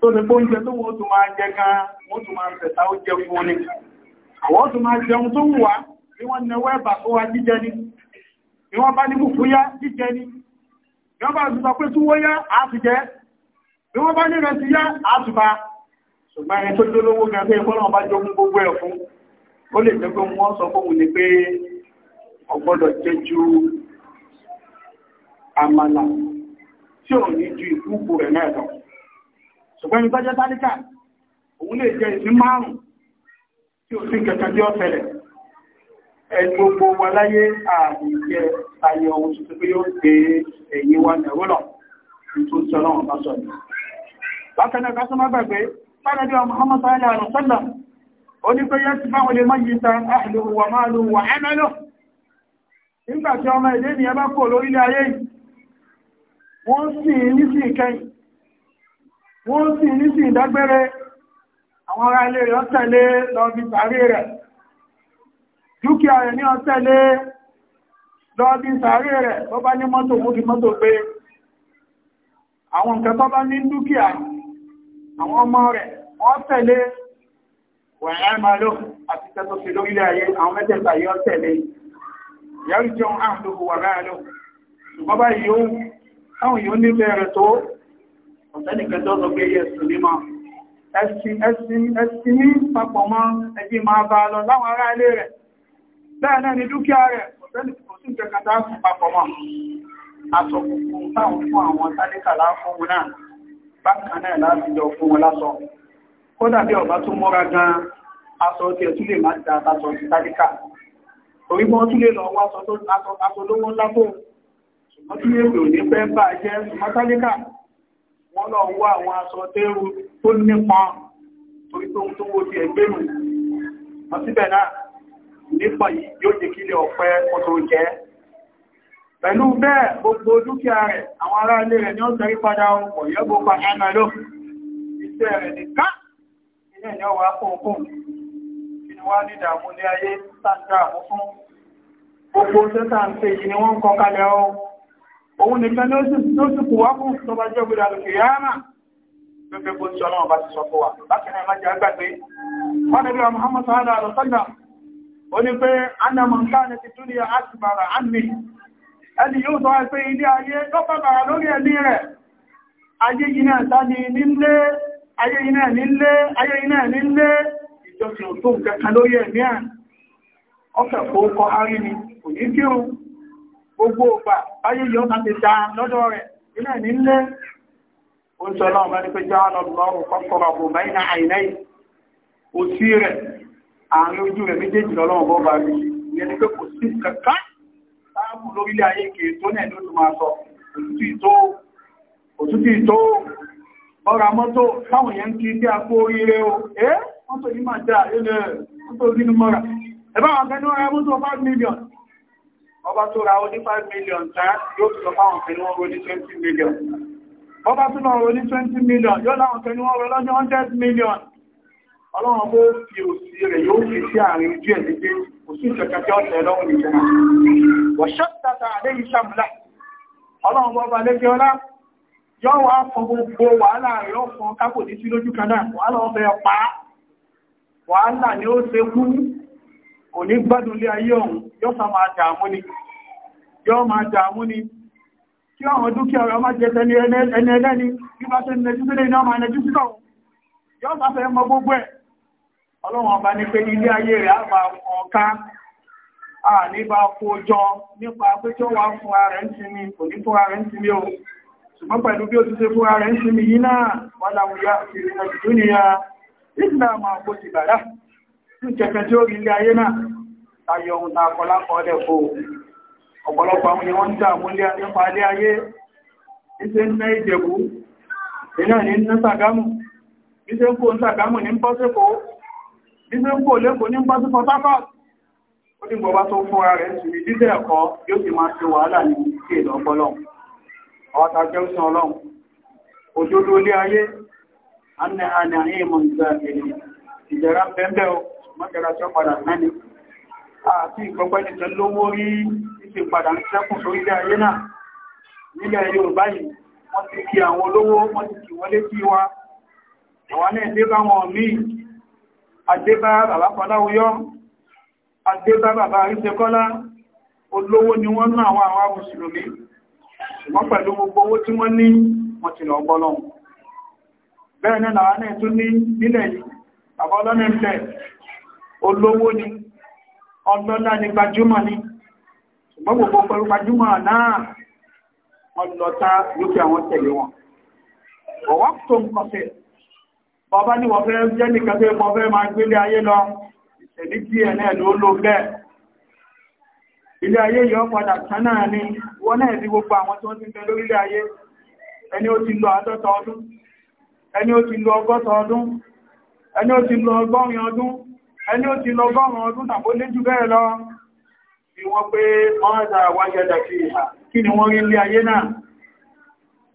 tó ní pé oúnjẹ tó wọ́n tó máa jẹ gan wọ́n tó máa jẹun ni tó máa jẹun tó wọ́n nẹwọ́ ẹ̀bà tó wá jíjẹ ni ṣùgbọ́n ẹni tó jólówó gan pé fọ́nà bá jogún gbogbo ẹ̀ fún ó lè jẹ́ pé wọ́n sọ fóun ni pé ọgbọ́dọ̀ jẹ́ ju àmàlà tí ò ní ju ìkúkù rẹ̀ náà lọ ṣùgbọ́n ẹni tọ́jọ́ tálíkà òun lè jẹ ìsín márùn-ún tí ò sí kẹta bí ọ̀fẹ́lẹ̀ ẹni gbogbo wa láyé ààrùn ayé ohun tuntun pé yóò gbé ẹ̀yìn wa nẹ̀rọ lọ tó ń sọ bá sọ ní bákan náà ká má gbàgbé na wa Muhammadu sallallahu alaihi onye ó ní pé yẹ́ ti fáwọn lè mọ́yí ta ahluhu wa maluhu wa amaluhu nígbà tí ọmọ èdè ni ẹ kò lórílẹ̀ ayé wọ́n sì ní sí ìkẹyìn wọ́n sì ní sí ìdágbére àwọn ará ilé rẹ̀ ọ́tẹ̀lé lọ bí sàárè rẹ̀ dúkìá rẹ̀ ní ọ́tẹ̀lé lọ bí rẹ̀ àwọn ọmọ rẹ̀ wọ́n tẹ̀lé wẹ̀ẹ́mọ́lò àti tẹ́tọ́ sí lórílẹ̀ ayé àwọn mẹ́tẹ̀ẹ̀ta yóò tẹ̀lé yàrí jọ àhùnlòkù wà ráàlò ṣùgbọ́n báyìí yóò táwọn yóò nífẹ́ rẹ̀ tó ọ̀tẹ́nìkẹjọ́ sọ pé yẹ̀sùn mímọ̀ ẹ̀sìn ní papọ̀ mọ́ ẹjí máa bá lọ láwọn ará ilé rẹ̀ bẹ́ẹ̀ náà ni dúkìá rẹ̀ ọ̀tẹ́nìkẹjọ́ bákan náà láti jọ fún wọn lásọ kódà bí ọba tó mọ́ra gan aṣọ tí ẹ tún lè máa da aṣọ ti tálíkà torí bọ́n tún lè lọ wá aṣọ lówó ńlá fóun ṣùgbọ́n tí èpè ò ní fẹ́ bà jẹ́ ṣùgbọ́n tálíkà wọ́n lọ wá àwọn aṣọ tẹ́rù tó nípọn torí tó ń tó wó ti ẹgbẹ́rù wọ́n síbẹ̀ náà nípọn yìí yóò jẹ́ kílẹ̀ ọ̀pẹ́ kó pẹ̀lú bẹ́ẹ̀ gbogbo dúkìá rẹ̀ àwọn ará ilé rẹ̀ ni ó padà ọkọ̀ yẹ́gbò ló iṣẹ́ rẹ̀ ilé ni ọwà kí ni wá ní ní ayé gbogbo ń pè yìí ni wọ́n kọ kalẹ̀ ọ òun nìkan ló sì kù wá fún tó jẹ́ ògbèdà lòkè yáàmà gbogbo bó ti sọ bá ti sọ fún wa ẹni yóò sọ pé ilé ayé lọ́pàá lórí ẹ̀mí rẹ̀ ayé iná ẹ̀ta ni nílé ayé iná nílé ayé iná nílé ìjọsìn tó nǹkan lórí ẹ̀mí ẹ̀ ọkẹ̀ fòókọ arí ni kò gbogbo rẹ̀ àárín ojú rẹ̀ méjèèjì lọ́lọ́wọ́ bọ́ bá rí kù lórílẹ̀ ayé kèé tó nẹ̀ ló tún máa sọ òtútù ìtó ọ̀rà mọ́tò táwọn èèyàn kí tí a kó oríire o ẹ́ mọ́tò yìí máa dá ilẹ̀ mọ́tò sínú mọ́ra ẹ̀bá wọn fẹ́ mọ́tò 5 million ọlọ́run bó fi òsì rẹ̀ yóò fi sí àárín ojú ẹ̀ nígbé òsì ìjọkẹ́kẹ́ ọ̀tẹ̀ lọ́rùn ìjọba wọ̀ṣẹ́ tata àdéyìí sàmùlà ọlọ́run bọ́ba lẹ́gbẹ́ ọlá yọ́ wá fún gbogbo wàhálà rẹ̀ ó fún kápò ní sí lójú kan náà wàhálà ọbẹ̀ pa wàhálà ni ó ṣe kú kò ní gbádùn lé ayé ọ̀hún yóò sá máa dààmú ni yóò máa dààmú ni kí àwọn dúkìá rẹ̀ ọmọ jẹ́ tẹni ẹni ẹlẹ́ni bí bá ṣe mọ gbogbo ẹ̀ ọlọ́run ọba ní pé ilé ayé rẹ̀ àbá ọ̀ká nípa kó jọ nípa pé tí ó wá fún ara ń sinmi kò ní fún ara ń sinmi o ṣùgbọ́n pẹ̀lú bí ó ti ṣe fún ara ń sinmi yìí náà wọ́n láwọn ya ìrìn àjò tó ní ya ìsìnà máa kó ti bàdá tí ìjẹ̀kẹ́ ni wọ́n ń dààmú nípa ilé ayé ìṣe ń ná ìjẹ̀bú ìnáà ní ń ná sàgámù ìṣe ń kó ń sàgámù Ibi ń kò lẹ́kọ̀ọ́ ní bá sí Pọtákọ̀. Ó ní gbọba tó fún ara rẹ̀ sí ní dídẹ̀ ẹ̀kọ́ yóò sì máa ṣe wàhálà ní ìdíje ìlọ́pọ̀lọ́. Ọ̀tà jẹ́ òṣìṣẹ́ ọlọ́run. Òdodo ilé ayé, a ní àní àní ìmọ̀ ìgbà èdè. Ìjẹ̀ra bẹ́ẹ̀ o, mọ́jẹ̀ra tí ó padà náni. Àti ìgbọ́pẹ́ nìkan lówó rí ìṣe padà ń sẹ́kùn sórí ilé ayé náà. Nílẹ̀ Yorùbá yìí, wọ́n ti kí àwọn olówó, wọ́n ti kì wọlé sí wọn míì àdébá bàbá kọláwúyọ́ àdébá bàbá àríṣẹ́kọ́lá olówó ni wọ́n náà àwọn àwọn mùsùlùmí ṣùgbọ́n pẹ̀lú gbogbo owó tí wọ́n ní wọ́n ti lọ gbọ́lọ́hun bẹ́ẹ̀ ni ọlọ́lá ni gbajúmọ̀ ni ṣùgbọ́n gbogbo pẹ̀lú gbajúmọ̀ náà wọ́n lọ ta lókè bàbá ní wọ́n fẹ́ jẹ́ nìkan tó wọ́n fẹ́ máa gbélé ayé lọ ìṣẹ̀lẹ̀ tí ẹ̀ náà ló ló bẹ́ẹ̀ ilé ayé yọ padà tán náà ni wọ́n náà ní gbogbo àwọn tí wọ́n ti ń bẹ lórílẹ̀ ayé ẹni ó ti lọ àádọ́ta ọdún ẹni ó ti lọ ọgọ́ta ọdún ẹni ó ti lọ ọgọ́rin ọdún ẹni ó ti lọ ọgọ́rùn ọdún tàbó ni wọ́n rí ilé ayé náà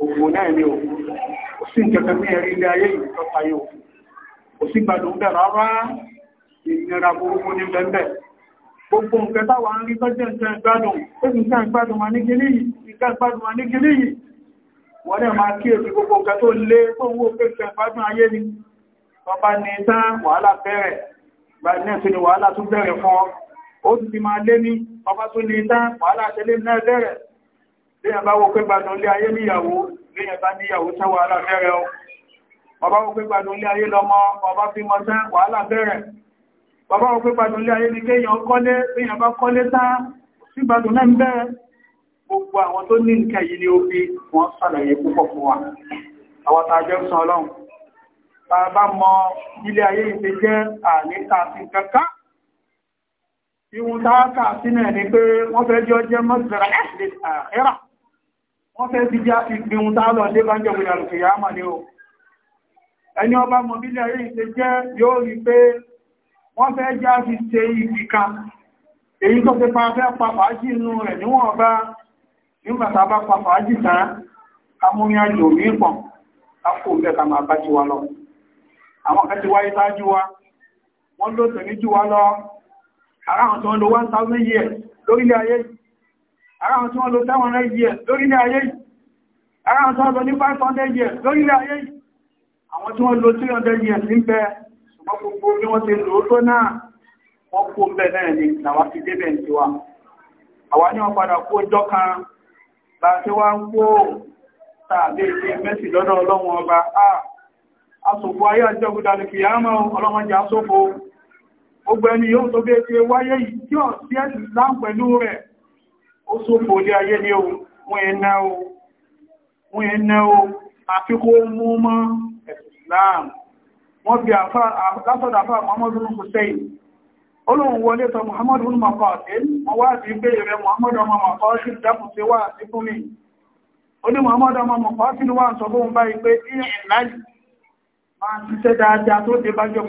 òkú náà ni òkú sí ìjọba ní ẹ̀rí ilé ayé ìjọba yóò kò sí gbàdùn bẹ̀ rárá ìnira burúkú ní bẹ̀m̀bẹ̀ gbogbo nǹkan táwà ń rí tọ́jẹ́ ìjọ ìgbádùn ẹ̀sùn ìjọ ìgbádùn ma ní gílé yìí ìjọ ìgbádùn ma ní gílé yìí wọ́n dẹ̀ máa kí èsì gbogbo nǹkan tó lé fóun ó pèsè ìgbádùn ayé ni bàbá ní tán wàhálà bẹ̀rẹ̀ náà bẹ̀rẹ̀ bí ẹ bá wo pé gbádùn ayé níyàwó bíyẹn bá o bàbá wọ́n pé gbádùn ilé ayé lọ́mọ bàbá fi mọ́ tẹ́ wàhálà bẹ̀rẹ̀ bàbá wọ́n pé gbádùn ilé ayé ni kéèyàn kọ́lé bíyẹn bá kọ́lé tán sí gbádùn náà ń bẹ̀rẹ̀ gbogbo àwọn tó ní nǹkan yìí ni ó fi wọ́n sàlàyé púpọ̀ fún wa àwọn tàjẹ́ ń sọ ọlọ́run ta bá mọ ilé ayé ìṣe jẹ́ àníta sí kankan ìwọ̀n táákà sínú ni pé wọ́n fẹ́ jọ jẹ́ mọ́sílẹ̀ wọ́n fẹ́ ti já ìgbìhun tààlọ̀ lé bá ń jẹ òyàrù kì yá mà ní o ẹni ọba mọ̀bílẹ̀ rí ṣe jẹ́ yóò rí pé wọ́n fẹ́ já fi ṣe ibi kan èyí tó fẹ́ fẹ́ pàpàájì inú rẹ̀ níwọ̀n ọba nígbàtà bá pàpàájì tán amúrin àjò mípọ̀n akó bẹ́ ka máa bá ti wa lọ àwọn kan ti wáyé sáájú wa wọ́n ló tẹ̀mí jù years lórílẹ̀ ayé yìí ara wọn tí wọ́n lo 700 years lórílẹ̀ ayé yìí tí wọ́n lo ní 500 years lórílẹ̀ ayé yìí àwọn tí wọ́n lo 300 years ń bẹ wọ́n ti lò ó tó náà wọ́n kó bẹ̀ náà wa àwa ní wọ́n padà kó ọjọ́ kan bá ti wá kó tàbí mẹ́sì lọ́dọ̀ ó sófò ilé ayé ní o wọ́n ẹ̀nà o wọ́n ẹ̀nà o àfikò mú mọ́ Islam wọ́n bí lásọ̀dà fà Muhammadu Hussein olóhun wọlé tọ Muhammadu Makọ́ọ̀tẹ́ wọ́n wá sí ibé rẹ̀ Muhammadu ọmọ Makọ́ọ̀tẹ́ dákùn sí wà sí fún mi ó ní Muhammadu ọmọ Makọ́ọ̀tẹ́ wà ń sọ bóhun báyìí pé ìrìnláì máa ń ṣiṣẹ́ dáadáa tó dé bá jọ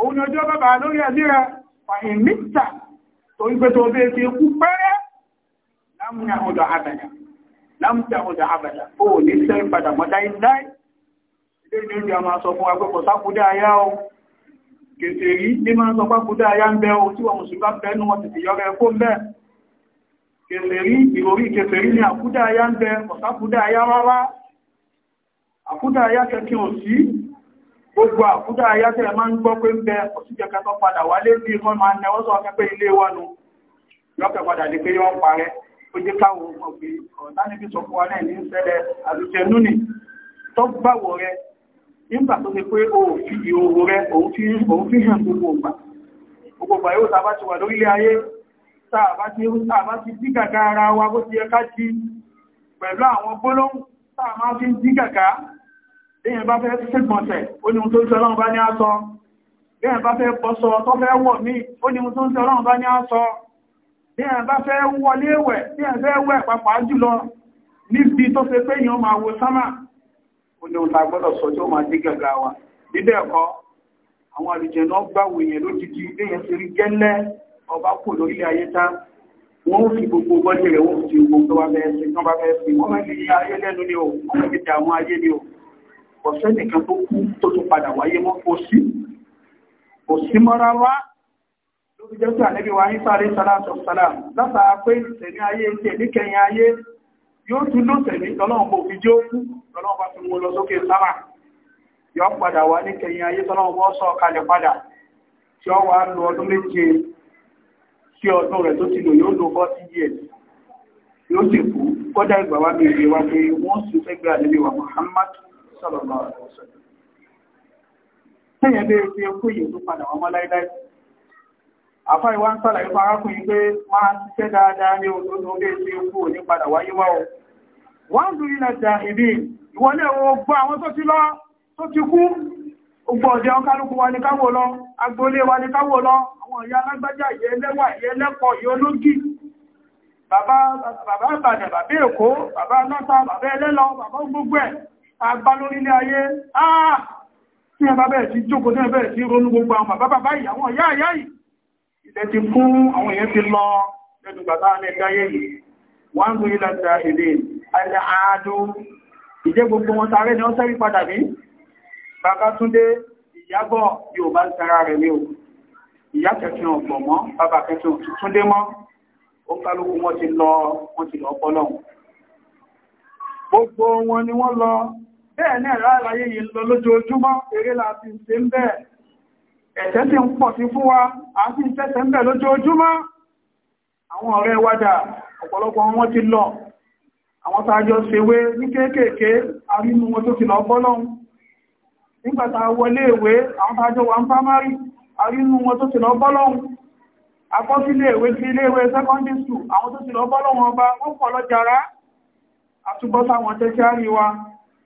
òun ni ọjọ́ bàbá lórí ẹ̀mí rẹ̀ fàyìn mítà tó ń pẹ́ tó bẹ́ẹ̀ fi kú pẹ́rẹ́ lámúnà ọdọ̀ àbẹ̀dà lámúnà ọdọ̀ àbẹ̀dà ó ní sẹ́ ìpadà mọ́dá ìdáì ilé ìdí ìdí ọmọ sọ fún agbẹ́kọ̀ sákúdá ayá o gèsè rí ní máa sọ pákúdá ayá ń bẹ o tí wọn mùsùlùmí bá bẹ́ẹ̀ nú wọn ayá rárá àkúdá ayá kẹkẹ òsì gbogbo àkúdá ayáṣẹ́ ma ń gbọ́ pé ń bẹ ọ̀síjẹka tó padà wálé bí i wọ́n ma ń nẹwọ́ sọ akẹ́pẹ́ ilé wa nù lọ́pẹ̀ padà di pé wọ́n parẹ́ ó jẹ́ káwọn ọmọ pé ọ̀tá níbi sọ fún wa náà ní ṣẹlẹ̀ àlùjẹnú ni tó gbàwọ̀ rẹ nígbà tó ti pé o fi ìhòòhò rẹ òun fi hàn gbogbo ògbà gbogbo ògbà yóò sábà ti wà lórílẹ̀ ayé sáàbá ti dí gàgà ara wa bó ti yẹ ká ti pẹ̀lú àwọn gbólóhùn sáà máa fi ń dí gàgà Béèyàn bá fẹ́ ṣègbọ̀nsẹ̀, ó ní ohun tó ń ṣe ọlọ́run bá ní aṣọ. Béèyàn bá fẹ́ bọ́sọ tó fẹ́ wọ̀ mí, ó ní ohun tó ń ṣe ọlọ́run bá ní aṣọ. Béèyàn bá fẹ́ wọlé wẹ̀, béèyàn fẹ́ wẹ̀ pàápàá jùlọ níbi tó ṣe pé èèyàn máa wo sánmà. Ó ní ohun tá a gbọ́dọ̀ sọ tí ó máa dé gẹ̀gà wa. Bíbẹ̀ ẹ̀kọ́, àwọn àlùjẹ̀ náà gbàwò èèyàn lójijì béèyàn ṣe rí gẹ́lẹ́ ọba kò lórílẹ̀ ayé tá wọ́n fi gbogbo bọ́jẹ̀ rẹ̀ wọ́n ọ̀sẹ́ nìkan tó kú tó tún padà wáyé mọ́ kò sí kò sí mọ́ rárá lórí jẹ́ sí ànẹ́bí wa ní sáré sálátọ̀ sálá látara pé ìsẹ̀mí ayé ti ẹ̀mí kẹyìn ayé yóò tún lóṣẹ̀mí lọ́lọ́run kò fi jẹ́ òkú lọ́lọ́run bá fi mú lọ sókè sámà yọ padà wá ní kẹyìn ayé tọ́lọ́run bọ́ sọ kalẹ̀ padà tí ó wà ti kú kọ́dá ìgbà wá mi pé wọ́n sì fẹ́ gbé ànẹ́bí sallallahu alaihi wasallam téèyàn lè fi ẹkú yìí tó padà wọn mọ́ láíláí àfá ìwá ń sọ́lá ìfà arákùnrin pé máa ń ṣiṣẹ́ dáadáa ní òdòdó lè fi ẹkú ní padà wáyé wá o wọ́n dùn ilẹ̀ jà ìbí ìwọlé owó gbọ́ àwọn tó ti lọ tó ti kú gbogbo ọ̀dẹ́ ọkálùkù wa ní káwò lọ agboolé wa ní káwò lọ àwọn ìyá alágbájá ìyẹ́ ẹlẹ́wà ìyẹ́ bàbá Ìbàdàn bàbá Èkó bàbá náta bàbá ẹlẹ́lọ bàbá gbogbo ẹ̀ àgbà lórílẹ̀ ayé àà ah! tí ẹ bá bẹ̀rẹ̀ sí jókòó tí ẹ bẹ̀rẹ̀ sí ronú gbogbo àwọn bàbá bàbá yìí àwọn ìyá ìyá yìí ilẹ̀ ti fún àwọn èèyàn ti lọ lẹ́nu bàbá alẹ́ gáyé yìí wọ́n ń rí lọ́ta èdè alẹ́ àádó ìjẹ́ gbogbo wọn sáré ni wọ́n sẹ́rí padà ní bàbá túndé ìyábọ̀ yóò bá ń tara rẹ̀ ní o ìyá kẹfìn ọ̀pọ̀ mọ́ bàbá kẹfìn túndé mọ́ ó kálukú wọn ti lọ wọn ti lọ ọpọlọ gbogbo wọn ni wọ́n lọ bẹ́ẹ̀ náà ráàláyé yìí lọ lójoojúmọ́ eré láti ṣe ń bẹ́ẹ̀ ẹ̀tẹ́ tí ń pọ̀ sí fún wa a sì ń tẹ́sẹ̀ ń bẹ̀ lójoojúmọ́ àwọn ọ̀rẹ́ wádà ọ̀pọ̀lọpọ̀ wọn ti lọ àwọn tàájọ ṣèwé ní kéékèèké arínú wọn tó ti lọ bọ́lọ́un nígbàtà wọlé ìwé àwọn tàájọ wà ń pámárì arínú wọn tó ti lọ bọ́lọ́un akọ́sílẹ̀ ìwé sí ilé ìwé secondary school àwọn tó ti lọ bọ́lọ́un ọba wọ́n pọ̀ lọ jàrá àtúbọ́sà wọn tẹ́kẹ́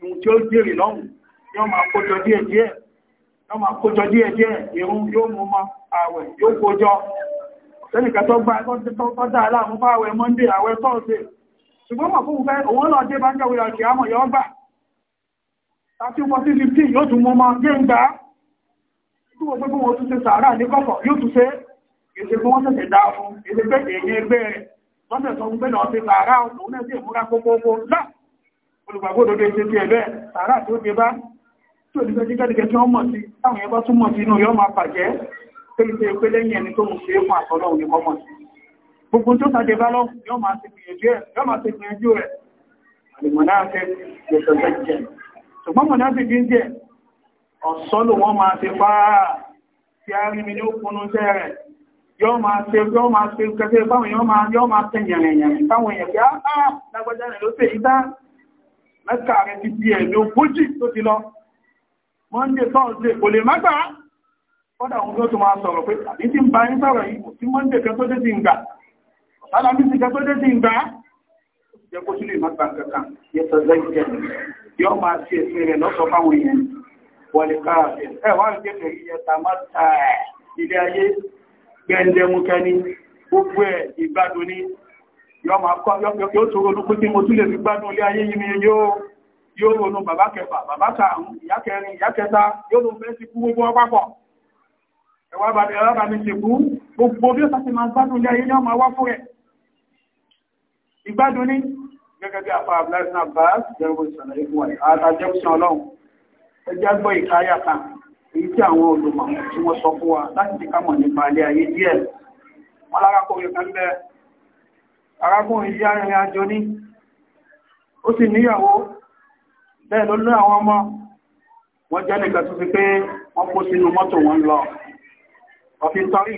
tí ó jèrè lọ́hùn yóò máa kójọ yóò máa mọ́ àwẹ̀ yóò kójọ gbá tí wọ́n gbogbo wọn tún ṣe sàárà ní kọ́kọ̀ yóò tún ṣe èdè fún wọ́n tẹ̀sẹ̀ dá fún èdè bẹ́ẹ̀ ẹ̀yẹ ẹgbẹ́ rẹ̀ lọ́sẹ̀ sọ fún bẹ́ẹ̀ sàárà òun olùgbàgbódodo ṣe ti ẹ̀bẹ́ sàárà tí ó dé bá tí olùgbẹ́ jíkẹ́dìkẹ́ tí wọ́n mọ̀ sí táwọn ẹbá tún mọ̀ sí inú yọ́ máa fàjẹ́ pé ní pé lẹ́yìn ẹni tó ń ṣe é fún àtọ́lọ́ òní kọ́mọ̀ sí gbogbo tó sàdé bá lọ yọ́ máa ti gbìyànjú rẹ̀ àlùmọ̀náfẹ́ lẹ́sọ̀gbẹ́ jẹ́ ṣùgbọ́n mọ̀náfẹ́ bí ń jẹ́ ọ̀sọ́ ló wọ́n máa ti fáà tí a rí mi ní òkúnnú iṣẹ́ rẹ̀ yọ́ máa ṣe yọ́ máa mẹ́ta rẹ̀ ti di ẹ̀lú ogójì tó ti lọ monday thursday kò lè mágbà kọ́dà òun tó tó máa sọ̀rọ̀ pé àbí tí ń ba ń sọ̀rọ̀ yìí kò sí monday kan tó dé ti ń gbà ọ̀sádà bí ti kan tó dé ti ń gbà jẹ́ kó sílè mágbà kankan yẹ sọ lẹ́yìn yọ máa ṣe ẹ̀sìn rẹ̀ lọ́sọ̀ fáwọn èèyàn wọlé káàkiri ẹ̀ wá ń jẹ́ yẹ ta má gbogbo ẹ̀ ìgbádùn ni yóò tó ronú pé tí mo tún lè fi gbádùn ilé ayé yìí yóò ronú bàbá kẹfà bàbá karùn-ún ìyá kẹrin ìyá kẹta yóò ló fẹ́ sí kú gbogbo ọpapọ̀ ẹwà bàbá ẹ̀rọ bàbá ti kú gbogbo bí ó sàti máa gbádùn ilé ayé ní ọmọ wá fún rẹ̀ ìgbádùn ní gẹ́gẹ́ bí àpá abúlé náà bá jẹ́wọ́ ìṣẹ̀lẹ̀ ìfún ẹ̀ àtàjẹ́wọ́sán ọlọ́run ẹjá gbọ́ ìkáyà kan èyí tí àwọn olùmọ̀ tí wọ́n sọ fún wa láti ti kámọ̀ nípa ilé ayé díẹ̀ wọ́n lára kó yẹ kan bẹ́ẹ̀ arákùnrin yí arìnrìn àjò ní ó sì níyàwó bẹ́ẹ̀ ló ní àwọn ọmọ wọ́n jẹ́ nìkan tó fi pé wọ́n kó sínú mọ́tò wọn lọ ọ̀fin sọ́rí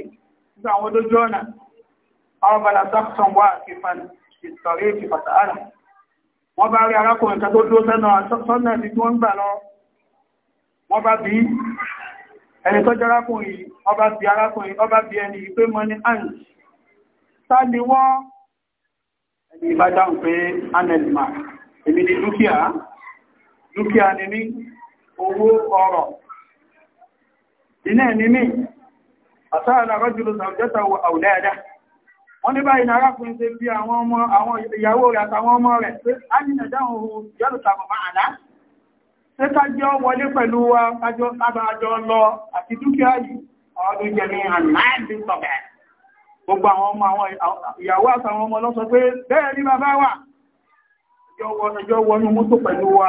nígbà wọn lójú ọ̀nà ọ̀bàlá sáfisọ̀n wà kífàn ìsọ̀rí ìfàtà àrà wọ́n bá rí arákùnrin kan tó dúró sọ́nà ibi tí wọ́n ń gbà lọ wọ́n bá bí ẹni tó jẹ́ arákùnrin ọba bí arákùnrin ọba bí ẹni ìpé mọ́ ní àǹtí sáà ni wọ́n ẹni bá dáhùn pé na èmi ni dúkìá dúkìá ni mí owó ọrọ̀ iná ni mí àtàrà rọ́jùlọ sàrọ̀jẹ́ta àwùlẹ́ẹ̀dá wọ́n ní báyìí arákùnrin ṣe bí àwọn ọmọ àwọn ìyàwó rẹ̀ àtàwọn ọmọ rẹ̀ pé a nínà dáhùn ohun yọ́rù tàbàmà ṣe kájọ wọlé pẹ̀lú wa kájọ sábàájọ lọ àti dúkìá yìí ọdún jẹ́mi gbogbo àwọn ọmọ àwọn ìyàwó àtàwọn ọmọ lọ́sọ pé bẹ́ẹ̀ ní bàbá wa ẹjọ́ wọnú mọ́tò pẹ̀lú wa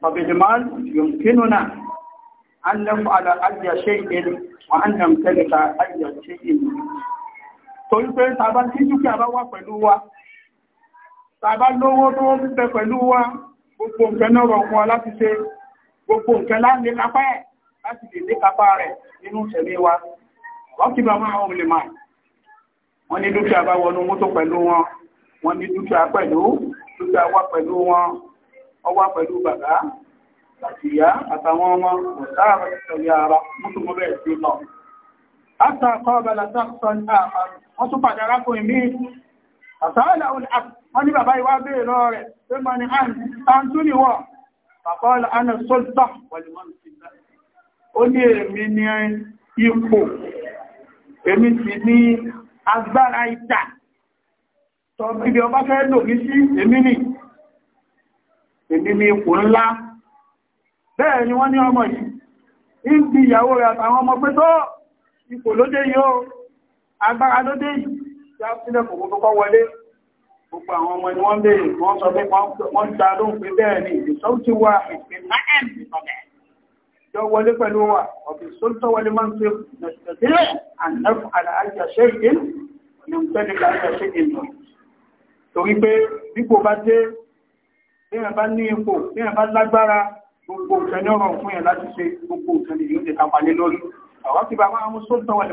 fàbíjìmáà yòmkínú náà an lẹ́fọ́ àdà àjíyà ṣe ìdẹ́lẹ̀ wà á nà mẹ́tẹ́lẹ̀ta àjíyà ṣe ìdẹ́lẹ̀ torí pé tàbá tí dúkìá bá wà tó pẹ̀lú wa gbogbo nǹkan náà rọ̀ fún ṣe gbogbo nǹkan láti lè kápá rẹ̀ nínú ìṣẹ̀lẹ̀ wa wọ́n kí bá wọ́n ní dúkìá bá wọnú mọ́tò pẹ̀lú wọn wọ́n ní dúkìá pẹ̀lú dúkìá wá pẹ̀lú wọn ọwá pẹ̀lú bàbá àti ìyá àtàwọn ọmọ ọ̀sáàrọ̀ ìtẹ̀lẹ̀ ara mọ́tò mọ́ bẹ̀rẹ̀ sí lọ. Àtà kọ́ọ̀bẹ̀lá Jackson wọ́n tún padà rákùnrin mí. Àtàwọ̀lá wọ́n ní bàbá ìwá bèèrè lọ rẹ̀ pé mọ́ ni àn tún ni wọ́. Bàbá ọ̀lá Anna Solta wàlúmọ́ ti bẹ̀rẹ̀. Ó ní èmi ní ipò, agbára ìta tọ́ ibi ọba fẹ́ lò ní sí èmi nì èmi ní ipò ńlá bẹ́ẹ̀ ni wọ́n ní ọmọ yìí ń bí ìyàwó rẹ̀ àtàwọn ọmọ pé tó ipò lóde yìí ó agbára lóde yìí tí a sílẹ̀ kò kókó wọlé gbogbo àwọn ọmọ ni wọ́n béèrè wọ́n sọ pé wọ́n dá yọ wọlé pẹ̀lú wa ọ̀fẹ́ sólùtọ́ wọlé máa ń pè nàìjíríà ànáfà àlàájá ṣẹ́yìn onígbẹ́ni àlàájá ṣẹ́yìn lọ torí pé dípò bá dé bíyàn bá ní ipò bíyàn bá lágbára gbogbo ìtẹ́ni ọ̀rọ̀ fún yẹn láti ṣe gbogbo ìtẹ́ni yóò lè tapalé lórí àwọn ti bá máa mú sólùtọ́ wọlé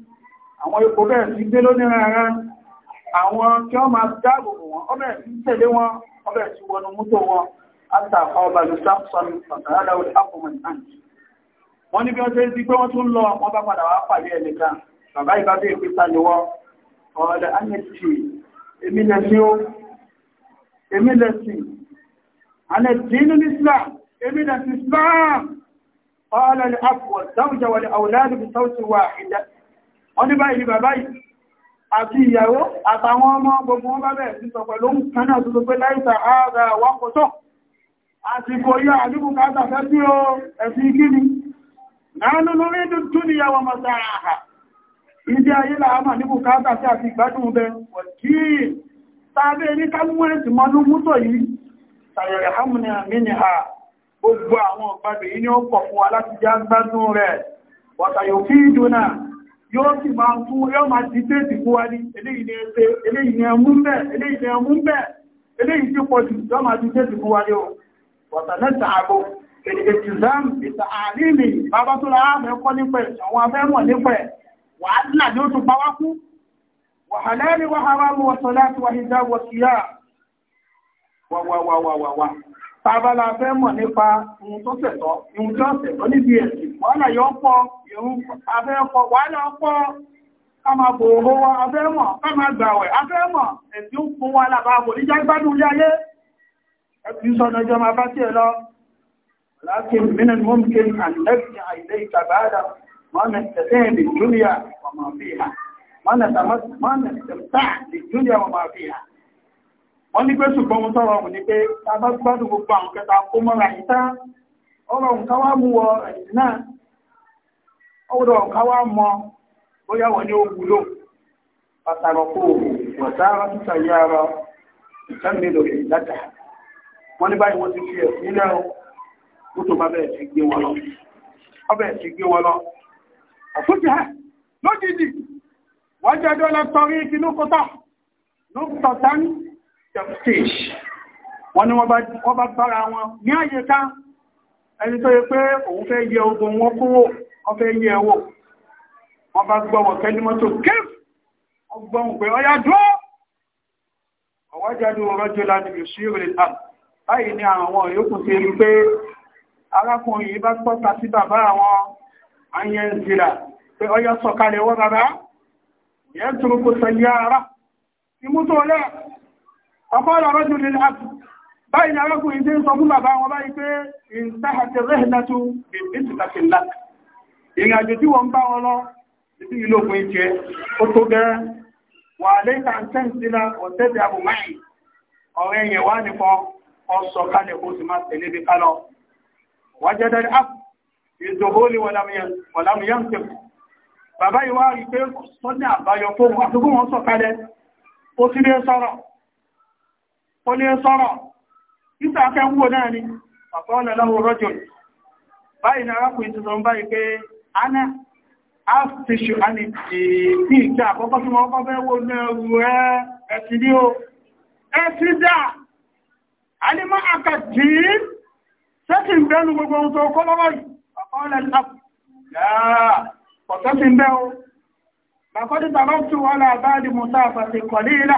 àwọn ipò bẹ́ẹ̀ sí gbé lónìí rárá àwọn tí wọ́n máa dáàbòbò wọn ọbẹ̀ sí tẹ̀lé wọn ọbẹ̀ sí wọnú mútó wọn àtà ọba ló sáfún ọ̀tàrádà orí àpòmọ̀n àǹtì wọ́n ní bí wọ́n ṣe ti pé wọ́n tún lọ wọ́n bá padà wá pàdé ẹnìkan wọ́n ní báyìí bàbá yìí àti ìyàwó àtàwọn ọmọ gbogbo wọn bá bẹ̀rẹ̀ sí sọ pẹ̀lú kanáà tó tó pé láìsà ààrẹ àwọ́kọ̀tọ̀ àti kò yá àdúgbò fẹ́ sí o ẹ̀sìn kíni nánú lórí dúdún ni yàwó mọ̀ta àhà ìdí ayé làámà níbù káàtà sí àti ìgbádùn bẹ wọ̀kí tàbí ní kámúwẹ́ ti mọ́nú mútọ̀ yìí sàyẹ̀rẹ̀ hàmùnì àmìnì ha gbogbo àwọn ọ̀gbàgbẹ̀ yìí ni ó pọ̀ fún wa yóò sì máa tú yóò máa ti déètì kó wá ní eléyìí ni ẹgbẹ́ eléyìí ni ẹmú bẹ́ẹ̀ eléyìí ni ẹmú bẹ́ẹ̀ eléyìí tí pọ̀ jù yóò máa ti déètì kó wá ní o wọ̀tàlẹ́ta àgọ́ ètìzáàmù ìta àríìlì bàbá tó lára mẹ́kọ́ nípẹ̀ àwọn afẹ́mọ̀ nípẹ̀ wàhálà ni ó tún pa wá kú wàhálà ni wàhálà mú wọ́sọ̀lá àti wàhálà wọ́síyà tàbálà fẹ́ mọ̀ nípa ohun tó tẹ̀tọ́ ohun tó tẹ̀tọ́ níbi ẹ̀sìn wàhálà yọ pọ̀ ìrún afẹ́ẹ̀kọ́ wàhálà pọ̀ káma bò owó wa afẹ́mọ̀ káma gbàwẹ̀ afẹ́mọ̀ ẹ̀sìn ó fún wa làbá kò ní jágbádùn wọ́n ní pé ṣùgbọ́n mo sọ̀rọ̀ ọ̀hún ni pé ta bá gbádùn gbogbo àwọn kẹta kó mọ́ra yìí tá ọ̀rọ̀ ọ̀hún ká wá mú wọ ẹ̀sìn náà ọ̀rọ̀ ọ̀hún ká wá mọ bóyá wọ́n ní ó wúlò pàtàkó wọ̀tàrọ̀ títà yára ìtẹ́mìlò ìdájà wọ́n ní báyìí wọ́n ti fi ẹ̀sìn ilẹ̀ ó tó bá bẹ̀rẹ̀ sí gbé wọn lọ ọbẹ̀ sí gbé teftish wọ́n ní wọ́n bá bára wọn ní àyíká ẹni tó yẹ pé òun fẹ́ yẹ ogun wọn kúrò wọ́n fẹ́ yẹ ẹwò wọ́n bá gbọ́wọ̀ kẹ́límọ́tò kéf ọgbọ́n pé ọya dúró ọwọ́jáde rọ́jọ́ láti lè ṣí ìrìn àm báyìí ni àwọn yòókù ti rí pé arákùnrin yìí bá tọ́ta sí bàbá àwọn ayẹ́ ìzìlà pé ọya sọ̀kalẹ̀ wọ́n bàbá yẹ́ turukú sẹ́lẹ̀ ara imú tó lẹ́ẹ̀ فقال رجل للعبد báyìí ni arákùnrin tí ń sọ fún bàbá wọn báyìí pé ìsáhàtì rẹ̀hìnàtù ìsìtàkìlá ìrìn àjò tí wọ́n bá wọn lọ sí ìlógún ìjẹ́ ó tó gẹ́rẹ́ wà lẹ́ta tẹ́ǹsílá ọ̀tẹ́bẹ̀ àbùmáì ọ̀rẹ́ yẹn wá nìkan ọ̀sọ̀ kalẹ̀ ó sì máa tẹ̀lé bí kálọ̀ wájẹ́dẹ́ áp ìdòbó ni wọ̀lámùyàn tẹ̀ bàbá ìwá rí pé sọ́dún àbáyọ fóun àtúgbò wọn sọ̀kalẹ̀ ó sì lè ó lé sọ́rọ̀ títà fẹ́ wúwo náà ni àkọọ́lẹ̀ lọ́wọ́ rọ́jò báyìí ni arákùnrin tuntun báyìí pé ana aftishu ani ní ìta àkọ́kọ́ tí wọ́n kọ́ fẹ́ wó náà rú ẹ́ ẹ̀sì o ẹ̀sì dà alimọ́ akàtí sẹ́sì ń bẹ́nu gbogbo ohun tó kọ́ lọ́wọ́ yìí ọkọ̀ọ́lẹ̀ lápù yáà pọ̀ sẹ́sì ń bẹ́ o bàkọ́dí tàbátù wọ́n làbáàdì mùsáfà ti kọ̀ ní ìlà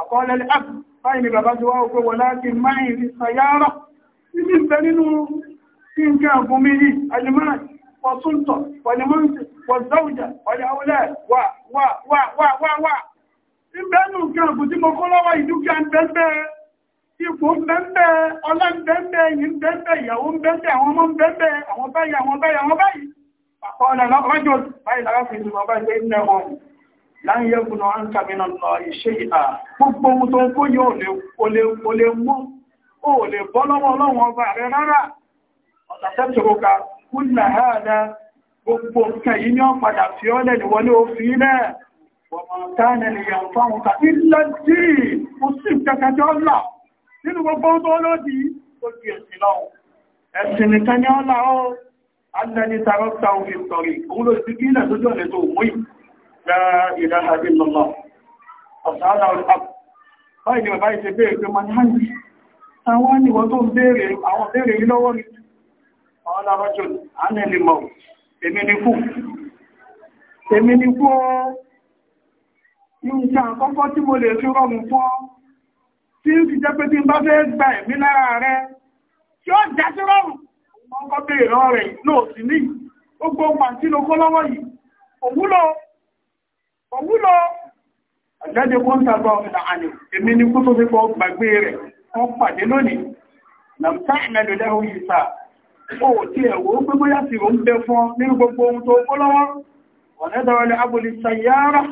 àkọọ́lẹ̀ lẹ́pù báyìí ni bàbá ti wá ó pé wọ láti máì rí sayára títí bẹ nínú tí n kí àgún mi yìí alimọ́nà pọ̀túntọ̀ pọ̀lẹ̀mọ́ntì pọ̀záwùjà pọ̀lẹ̀wọ́lẹ̀ wà wà wà wà wà wà ìbẹ́nu kí àgún tí mo kọ́ lọ́wọ́ ìdúkìá ń bẹ́ẹ̀ ipò ń bẹ́ẹ̀ ọlá láyé gúnà án kàmínà lọ iṣẹ́ ìhà gbogbo ohun tó ń kó yóò lè mú ó lè bọ́ lọ́wọ́ ọlọ́wọ́ ọba rẹ rárá ọ̀tàtẹ́tìróka kúnnà hàádá gbogbo nǹkan yìí ní ọ padà fi ọ́ lẹ́ni wọlé òfin náà wọ̀mọ̀ táàlẹ̀ lè yàn fáwọn ká ilẹ̀ ni ọ́ là ó alẹ́ni tarọ́ta òfin sọ̀rì òun ló sì kí ilẹ̀ tó jọ́ لا إله إلا الله أسعاده الحق báyìí ni bàbá ìṣẹ́ bèèrè pé mani hajji àwọn níwọ̀ tó ń bèèrè àwọn bèèrè yìí lọ́wọ́ ni àwọn alábájọ́ anẹ́lìmọ̀ èmi ni kú èmi ni kú ọ́ ìrìnṣà àkọ́kọ́ tí mo lè fi rọrùn fún ọ tí ó ti jẹ́ pé tí n bá fẹ́ gba ẹ̀mí lára rẹ tí ó já sí rọrùn ọkọ̀ bèèrè rẹ̀ lóòsì ní gbogbo pàǹtí lókó lọ́wọ́ òwúlọ jáde kó ń tàbí ọ̀nà àní èmi ní kó tó fi kọ́ gbàgbé rẹ̀ wọ́n pàdé lónìí nàmtá ìmẹ́lò lẹ́hùn yìí sá ó tí ẹ̀wọ́ gbogbo yá sí òun bẹ fún nínú gbogbo ohun tó kó lọ́wọ́ ọ̀nà ìdáwọlẹ̀ abúlé sayára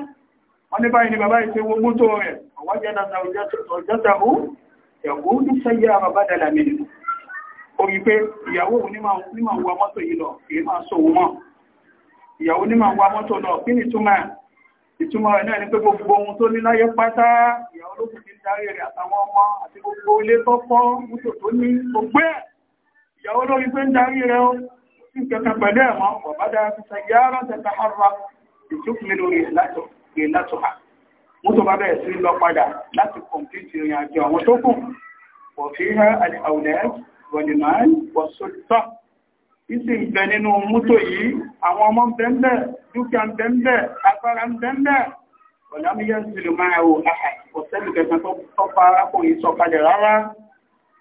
wọ́n ní báyìí ni bàbá ìṣe wo mọ́tò rẹ̀ ọwọ́ jẹ́ nasa ọjọ́tàhù ẹ̀kọ́ ní sayára ìyàwó ní máa mọ́tò yìí kí ni túmọ̀ ìtumọ̀ rẹ̀ náà ni pé gbogbo ohun tó ní láyé pátá ìyàwó ló kù ní darí rẹ̀ àtàwọn ọmọ àti gbogbo ilé tó kọ́ mútò tó ní gbogbo ẹ̀ ìyàwó lórí pé ń darí rẹ̀ ó sì ń kẹta pẹ̀lú ẹ̀mọ́ bàbá dára ti sa ìyá ara tẹ̀ta ara ìjókòó rẹ̀ látọ̀ ha mútò bá bẹ̀rẹ̀ sí lọ padà láti kọ̀m̀pìtì ìrìn àjò àwọn tó kù wọ̀ fi hẹ́ àlẹ́ ìsì ń bẹ nínú mútò yìí àwọn ọmọ bẹ́ẹ̀bẹ̀ dúkìá bẹ́ẹ̀bẹ̀ agbára bẹ́ẹ̀bẹ̀ ọ̀lámíyà sílùmá ẹ̀wò àhà òṣèlú kẹta tó fa arákùnrin sọ̀kalẹ̀ rárá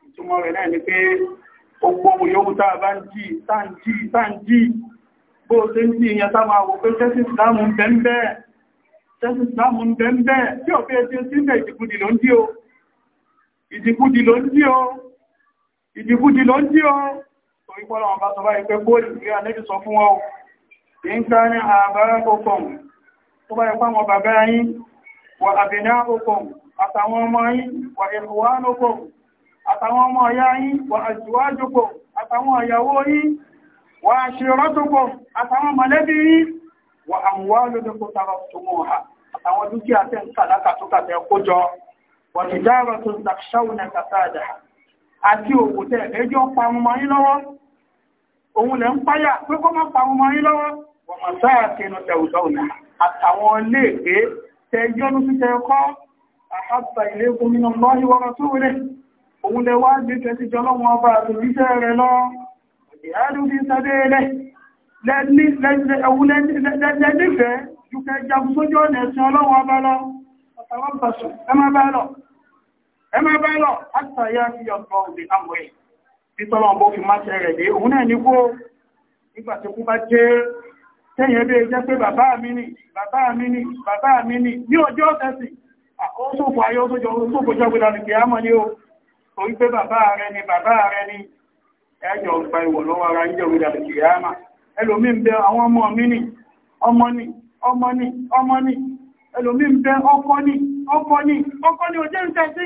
ìtumọ̀ rẹ̀ náà ni pé ogbogbo yóò tá a bá ń jí tá ń jí tá ń jí bó o ṣe ń jí ìyẹn tá máa wò pé tẹ́sí ìsìlámù ń bẹ́ẹ̀bẹ̀ tẹ́sí ìsìlámù ń bẹ́ẹ̀bẹ̀ tí òfin ẹtí torí pọ́lọ̀ wọn bá sọ báyìí pé kó ìrí ànẹ́bì sọ fún wọn ìǹkà ní àbára kòkòm tó bá ipá wọn bàbá yín wà àbìnà kòkòm àtàwọn ọmọ yín wà ìhùwánú kòm àtàwọn ọmọ ọ̀yá yín wà àjùwájú kòm àtàwọn ìyàwó yín wà àṣírọ́tù kòm àtàwọn mọ̀lẹ́bí yín wà àmúwá lódókó tara tó àtàwọn dúkìá tẹ́ ń kàlákà tó kàtẹ́ kó jọ wà tìjára tó ń dàkṣáwù nà àti òkú ẹjọ́ pa ọmọ lọ́wọ́ òun lẹ ń páyà pé kó má pa ọmọ yín lọ́wọ́ ọmọ sáà kínú tẹ̀wùsọ ònà àtàwọn léèké tẹ yọnu sí tẹ kọ́ àhábà ilé gómìnà lọ́hí wọ́n tó rẹ̀ òun lẹ wá gbé tẹ́sí jọlọ́wọ́n ọba àtòríṣẹ́ rẹ̀ lọ ìhálù ní sadéélẹ̀ lẹ́nífẹ̀ẹ́ ju kẹ jagun sójú ọ̀nà ẹ̀sìn ọlọ́wọ́n ọba lọ ọ̀tàwọn bàṣọ ẹ má bá lọ àtàyà fi ọ̀pọ̀ òdì àmọ̀ ẹ̀ títọ́lọ́n bó fi máṣẹ́ rẹ̀ dé òun náà ní kó nígbà tí kú bá jẹ́ tẹ́yìn bí jẹ́ pé bàbá mi ni bàbá mi ni bàbá mi ni ní ọjọ́ tẹ́sì àkóṣòfò ayé oṣòfòjọ́ gbé lọ́nà kìí àmọ́ ní o torí pé bàbá rẹ ni bàbá rẹ ni ẹjọ́ gba ìwọ̀ lọ́wọ́ ara ń jẹ́ òwúdà kìí àmà ẹlòmí ń bẹ àwọn ọmọ mi ni ọmọ ni ọmọ ni ọmọ ni ẹlòmí ń bẹ ọkọ ni ọkọ ni ọkọ ni ò jẹ́ ń tẹ́sí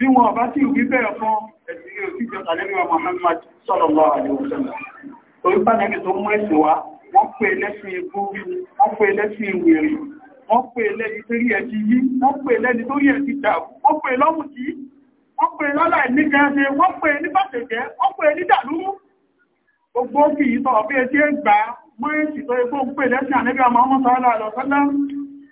bí wọn bá tí ìwí bẹ́ẹ̀ fún ẹ̀sìn yóò sí ìjọta alaihi wasallam torí pàtàkì tó mú ẹ̀sìn wá wọ́n pè lẹ́sìn ikú wọ́n pè lẹ́sìn ìwèrè wọ́n pè lẹ́ni torí ẹ̀sì yí wọ́n pè lẹ́ni torí ẹ̀sì dàrú wọ́n pè lọ́mù tí wọ́n pè lọ́lá ìníkẹ́ẹ́sẹ̀ wọ́n pè ní bàtẹ̀jẹ́ wọ́n pè ní dàlúrú gbogbo kìí tọ̀ bí ẹ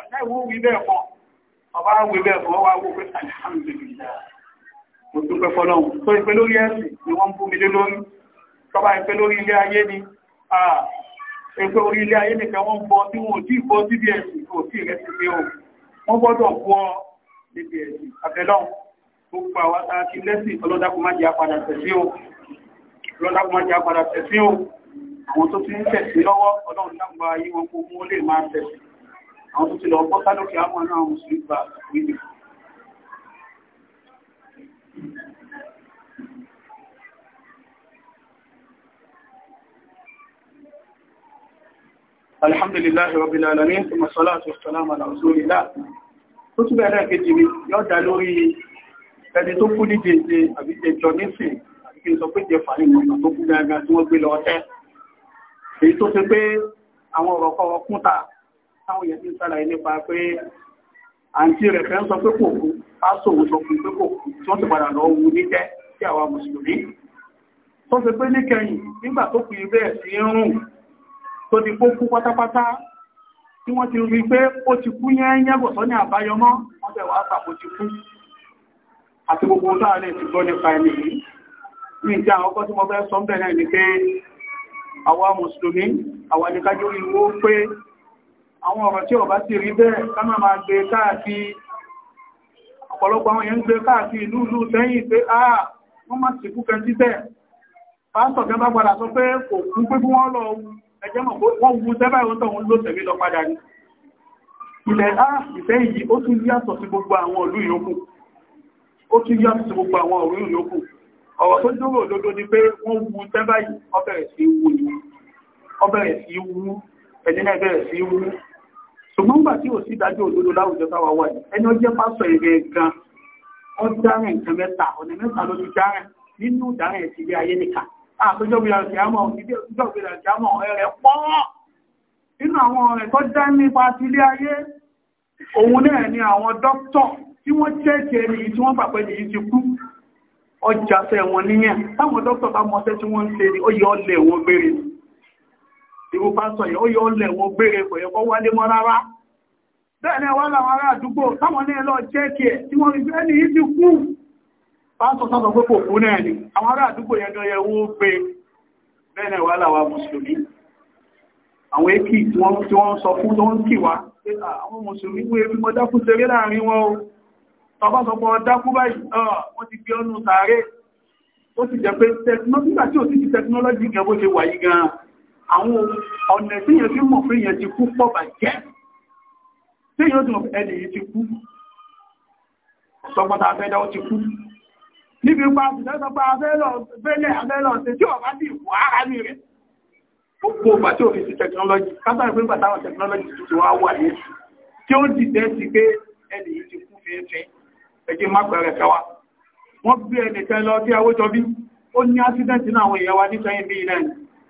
ọ̀dá ìwọ wí bẹ́ẹ̀ fọ́ ọba wí bẹ́ẹ̀ fọ́ wá wó pé alhamdulillah mo dúpẹ́ fọ́lọ́hun tó ìpé lórí ẹ̀sìn ni wọ́n ń bú mi lé lórí tọ́ba ìpé lórí ilé ayé ni ẹgbẹ́ orí ilé ayé nìkan wọ́n bọ́ tí wọ́n tí bọ́ síbi ẹ̀sìn tó tí rẹ̀ ti pé o wọ́n gbọ́dọ̀ bọ́ níbi ẹ̀sìn àbẹ̀lọ́n tó pa wá tá a ti lẹ́sìn ọlọ́dàkùn má jẹ́ apadà tẹ̀sí o ọlọ́dàkùn má jẹ́ apadà tẹ̀sí o àwọn tó ti ń tẹ̀sí lọ́wọ́ ọlọ́run dákùn bá yí wọn kó mú àwọn tó ti lọ bọ́ sálókè àwọn náà mùsùlùmí gbà wílì alhamdulillahi rabbil alamin thumma salatu wassalamu ala rasulillah tó túbẹ̀ ẹ̀rẹ́ kejì mi yọ́ dá lórí ẹni tó kú ní jẹjẹ àbí jẹjọ nísìn àbí kí n sọ pé jẹfà ní ọ̀nà tó kú dáadáa tí wọ́n gbé lọ ọtẹ́ èyí tó ṣe pé àwọn ọ̀rọ̀ kọ́ táwọn èèyàn ti ń sára pa pé àǹtí rẹ̀ fẹ́ ń sọ pé kò kú pásòwò sọ fún pé kò kú tí wọ́n ti padà lọ wu ní jẹ́ sí àwa mùsùlùmí tó ṣe pé níkẹyìn nígbà tó fi bẹ́ẹ̀ sí rùn tó ti kó kú pátápátá tí wọ́n ti rí pé ó ti kú yẹn yẹ́gbọ̀sọ́ ní àbáyọmọ́ wọ́n bẹ̀ wá pàpò ti kú àti gbogbo tó ààrẹ ti gbọ́ nípa ẹni yìí ní ìjá àwọn ọkọ́ tí mo fẹ́ sọ bẹ̀rẹ̀ ní pé àwa mùsùlùmí àwa ní kájọ́ ìwó pé àwọn ọ̀rọ̀ tí ó bá ti rí bẹ́ẹ̀ ká má máa gbé káàkiri ọ̀pọ̀lọpọ̀ àwọn èèyàn gbé káàkiri ìlú ìlú sẹ́yìn pé àà wọ́n má ti kú kan títẹ̀ pásítọ̀ kan bá padà sọ pé kò kú pé bí wọ́n lọ ẹjẹ́ mọ̀ wọ́n wu sẹ́bà ìwọ́n tọ̀hún ló tẹ̀lé lọ padà ní ilẹ̀ a ìsẹ́yìn yìí ó tún yàtọ̀ sí gbogbo àwọn ìlú yòókù ó tún yàtọ̀ sí gbogbo àwọn ìlú yòókù ọ̀rọ̀ tó dúró òdodo ni pé wọ́n wu sẹ́bà yìí ó bẹ̀rẹ̀ sí wú ẹ̀dínlẹ̀ bẹ̀rẹ̀ sí wú ṣùgbọ́n gbà tí ò sí ìdájọ́ òdodo láwùjọ táwa wà yìí ẹni ó jẹ́ pásọ ìrẹ̀ gan ó dárẹ̀ nǹkan mẹ́ta ọ̀nà mẹ́ta ló ti dárẹ̀ nínú dárẹ̀ ti ilé ayé nìkan àpéjọ́ bí àti àmọ́ ìjọ́ bí àti àmọ́ ẹ̀rẹ̀ pọ́ nínú àwọn ọ̀rẹ́ tó dá nípa ti ilé ayé òun náà ni àwọn dókítọ̀ tí wọ́n chẹ́ẹ̀kì ẹni tí wọ́n pàpẹ́ nìyí ti kú ọjà fẹ́ wọn ni ó yọ ọ́ lẹ̀ wọn irú pásọ̀ yẹn ó yọ ọlẹ̀ wọ gbére kò yẹ kó wálé mọ́ rárá bẹ́ẹ̀ ni wá láwọn ará àdúgbò táwọn ní ẹlọ jẹ́kì ẹ̀ tí wọ́n rí bẹ́ẹ̀ ni yìí ti kú pásọ̀ sọ́sọ̀ pé kò kú náà ni àwọn ará àdúgbò yẹn gan yẹ wó gbé bẹ́ẹ̀ ni wá láwọn mùsùlùmí àwọn èkì tí wọ́n tí wọ́n sọ fún tó ń kì wá àwọn mùsùlùmí wé bí mo dákú seré láàrin wọn o tọba sọ pé ọdákú báyìí wọ́n ti gbé ọnù sàárè ó sì jẹ́ pé nígbà tí ò sí ti tẹkinọ́lọ́jì gan bó ṣe wà yìí gan àwọn ọ̀nà tí yẹn fi mọ̀ pé yẹn ti kú pọ̀ bàjẹ́ tí yóò dùn ẹni yìí ti kú sọpọ̀tà abẹ́dá ó ti kú níbi ipa àtìlẹ́sọpá abẹ́lẹ̀ abẹ́lọ̀ ṣe tí ọ̀bá sì wà ara ní rẹ̀ gbogbo ọgbà tí ó fi sí tẹkinọ́lọ́jì kátàrí pé pàtàkì tẹkinọ́lọ́jì ti wá wà ní tí ó dìde sí pé ẹni yìí ti kú fẹ́ẹ́fẹ́ ẹjẹ́ má pẹ̀rẹ̀ kẹwa wọ́n gbé ẹnìkan lọ sí awójọbí ó ní ásídẹ́ǹtì náà àwọn èèyàn wa ní sẹ́yìn bíi náà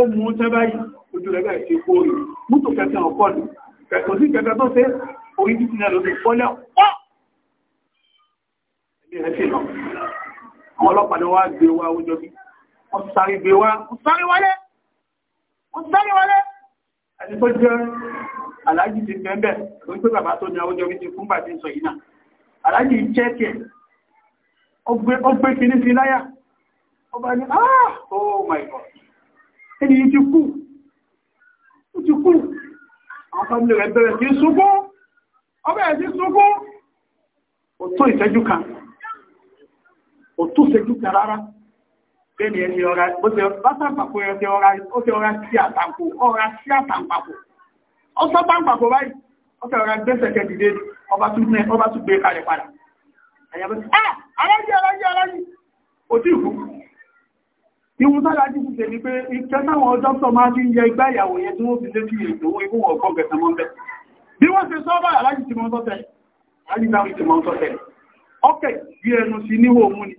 ó mú tẹ́ báyìí ojú rẹ̀ báyìí ṣe kó rí mútò kẹta ọ̀pọ̀ ní kẹtọ̀ sí kẹta tó ṣe orí títí náà ló ti fọ́lẹ̀ ọ̀pọ̀ àwọn ọlọ́pàá ni wá gbé wá oúnjẹ bí wọ́n sáré gbé wá wọ́n sáré wálé wọ́n sáré wálé ẹni tó jẹ́ aláàjì ti bẹ́ẹ̀bẹ̀ lórí pé bàbá tó ní oúnjẹ bí ti fún bàbí sọ yìí náà aláàjì jẹ́ kẹ́ ó gbé kìíní sí láyà ó bá ní ah oh my god ẹni yìí ti kú ó ti kú àwọn fámílì rẹ̀ bẹ̀rẹ̀ sí ṣubú ọbẹ̀ sí ṣubú ó tó ìṣẹ́jú kan ó tó ìṣẹ́jú kan rárá bẹ́ẹ̀ni ẹni ọ̀rá bó ṣe bátàpàpò ẹ̀ ó ṣe ọ̀rá sí àtàǹpò ọ̀rá sí àtàǹpàpò ọ̀sọ́ pàǹpàpò báyìí ó ṣe ọ̀rá gbẹ́sẹ̀ kẹ́dìdé ọba tún gbé kalẹ̀ padà àyàbẹ̀ ah aláyé aláyé aláyé òtí ìkú Ìwọ̀n sára jí fún tèmi pé ìkẹ́ táwọn dókítà máa fi ń yẹ igbá ìyàwó yẹn tí wọ́n fi lé sí ètò owó ikú ọ̀kan gẹ̀ẹ́sẹ̀ mọ́ bẹ́. Bí wọ́n ṣe sọ́bà aláàjì ti mọ́ sọ́tẹ̀, aláàjì ti mọ́ sọ́tẹ̀. Ọkẹ̀ bí ẹnu sí níwò mú ni,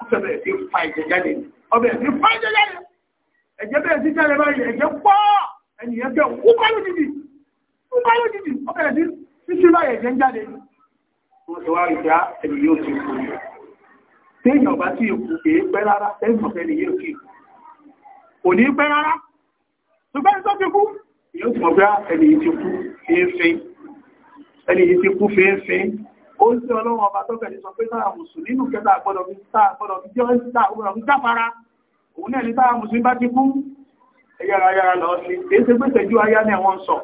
ọkẹ̀ bẹ̀rẹ̀ sí fa ìjẹ jáde. Ọbẹ̀ sí fa ìjẹ jáde. Ẹ̀jẹ̀ bẹ̀rẹ̀ sí jáde báyìí, ẹ̀jẹ̀ pọ̀ ẹnìyẹn bẹ̀ wú bá lójijì. Wú bá lójijì, ọbẹ̀ sí sí báyìí ẹ̀jẹ̀ ń jáde. Wọ́n ti wá rí téèyàn bá tí ìkù kèé pẹ́ rárá tẹ́sàn fẹ́ ni yóò kí kò ní pẹ́ rárá ṣùgbọ́n tó ti kú yóò mọ̀ bá ah, ẹni yìí ti kú fífín ẹni yìí ti kú fífín ó ń tí ọlọ́run ọba tó bẹ̀rẹ̀ sọ pé sáà mùsùlùmí nù kẹta gbọ́dọ̀ fi sáà gbọ́dọ̀ fi jẹ́ sáà gbọ́dọ̀ fi jáfara òun náà ní sáà mùsùlùmí bá ti kú ẹyára yára lọ sí èyí ṣe pé tẹjú ayá ni àwọn sọ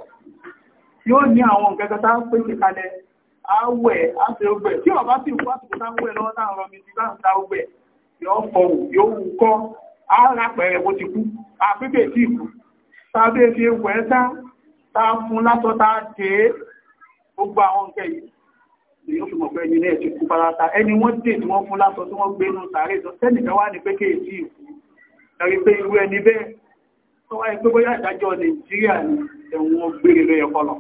yóò ní àwọn nǹkan awẹ̀ àṣẹ ọgbẹ̀ tí ọba sì wú àsìkò táwẹ̀ lọ́wọ́ táwọn ọmọ mi ti bá ń ta ọgbẹ̀ yóò fọwù yóò wù kọ́ ara pẹ̀rẹ̀ mo ti kú àbíbẹ̀ tí ìkú tàbí fi wẹ̀ tá ta fún látọ́ ta dé gbogbo àwọn nǹkẹ́ yìí èyí ó fi mọ̀ pé ẹni náà ti kú parata ẹni wọ́n dè tí wọ́n fún látọ́ tí wọ́n gbé inú sàárè tó sẹ́nìkan wá ní pé kéèkì ìkú ẹ̀rí pé irú ẹni bẹ́ẹ̀ tó wáyé pé bóyá ìdájọ́ Nàìjíríà ni ẹ̀wọ̀n gbére lóye kọlọ̀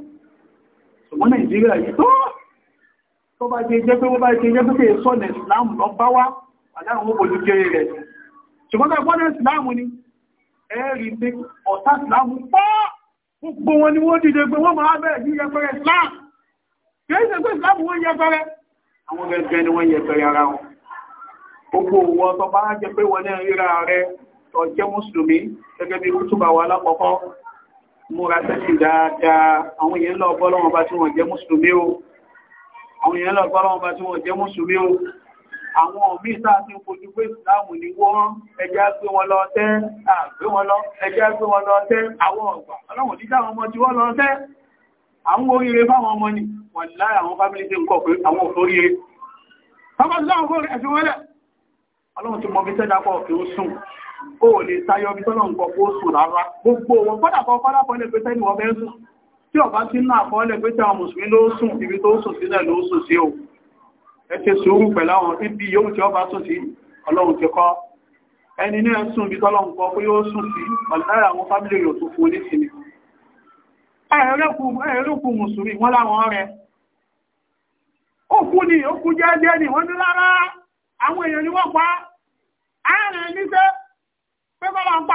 ṣùgbọ́n Nàìjíríà yìí tó tó bá jẹ́ jẹ́ pé wọ́n bá jẹ́ jẹ́ pé sọ́nà ìsìláàmù lọ bá wá àdáhùn owó ló jẹ́ rẹ̀ ṣùgbọ́n bẹ́ẹ̀ gbọ́nà ìsìláàmù ni ẹ̀rí pé ọ̀tá ìsìláàmù pọ́ gbogbo wọn ni wọ́n dìde pé wọ́n máa bẹ̀rẹ̀ sí yẹpẹrẹ ìsìláàmù kì í ṣe pé ìsìláàmù wọ́n yẹpẹrẹ àwọn gẹ́gẹ́ ni wọ́n yẹpẹrẹ ara wọn gbogbo wọn tó bá jẹ́ pé wọ́n náà ríra rẹ̀ tó jẹ́ mùsùlùmí gẹ́gẹ́ bí kútùbà wà lápọ̀pọ̀ múra tẹ́sí dáadáa àwọn èèyàn lọ bọ́lọ́wọ́n bá tí wọ́n jẹ́ mùsùlùmí o àwọn èèyàn lọ́gbọ́rọ̀ ọba tí wọ́n jẹ́ mùsùlùmí o àwọn ọ̀mí sáà ti ń fojú pé ìsìláàmù ni wọ́n ẹjá gbé wọn lọ tẹ́ àgbé wọn lọ ẹjá gbé wọn lọ tẹ́ àwọn ọ̀gbà ọlọ́wọ̀n dídá àwọn ọmọ tí wọ́n lọ tẹ́ àwọn oríire fáwọn ọmọ ni wọ́n lára àwọn fámílì tí ń kọ̀ pé àwọn òfóríire ọlọ́run ti mọ bí sẹ́dápọ̀ kí tí ọba tí náà kọ́ọ́lẹ̀ pé tí àwọn mùsùlùmí ló sùn ibi tó sùn sílẹ̀ ló sùn sí o ẹ ti sùúrù pẹ̀láwọn ibi yóò tí ọba sùn sí ọlọ́run ti kọ́ ẹni ní ẹ̀sùn ibi tọ́lọ́run kọ́ pé yóò sùn sí ọ̀lára àwọn fámílì yóò tó fún oníṣìí ẹ̀rẹ́kù mùsùlùmí wọ́n láwọn rẹ̀ ó kú ni ó kú jẹ́jẹ́ ni wọ́n ní lára àwọn èèyàn ni pa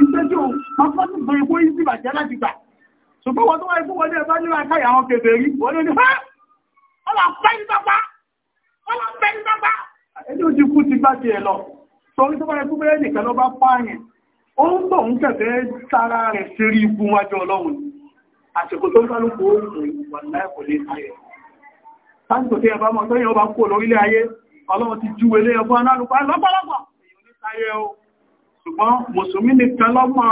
ìgbẹ́jọ́ mafọ́sí bẹ̀rẹ̀ kó yí sí bàjẹ́ láti gbà ṣùgbọ́n wọ́n tó wáyé fún wọlé ẹ̀bá nílá káyà àwọn kẹfẹ́ rí wọ́n ló ní fẹ́ ọlá pẹ́ ní pápá ọlá pẹ́ ní pápá ẹni ó ti kú ti bá ti ẹ̀ lọ torí tó wáyé fún bẹ́ẹ̀ nìkan ló bá pààyàn ó ń bọ̀ ń kẹfẹ́ sára rẹ̀ sí rí ikú wájú ọlọ́run àsìkò tó ń kálukú ó ń wà láì kò lè tayẹ̀ sáńtò tí ẹ bá mọ tó yẹn ó bá kú lórílẹ̀ ayé ọlọ́run ti ju ilé ẹ̀fọ́ alálùpá lọ́pọ̀lọpọ̀ èèyàn ní tayẹ̀ o ṣùgbọ́n mùsùlùmí nìkan lọ́mọ̀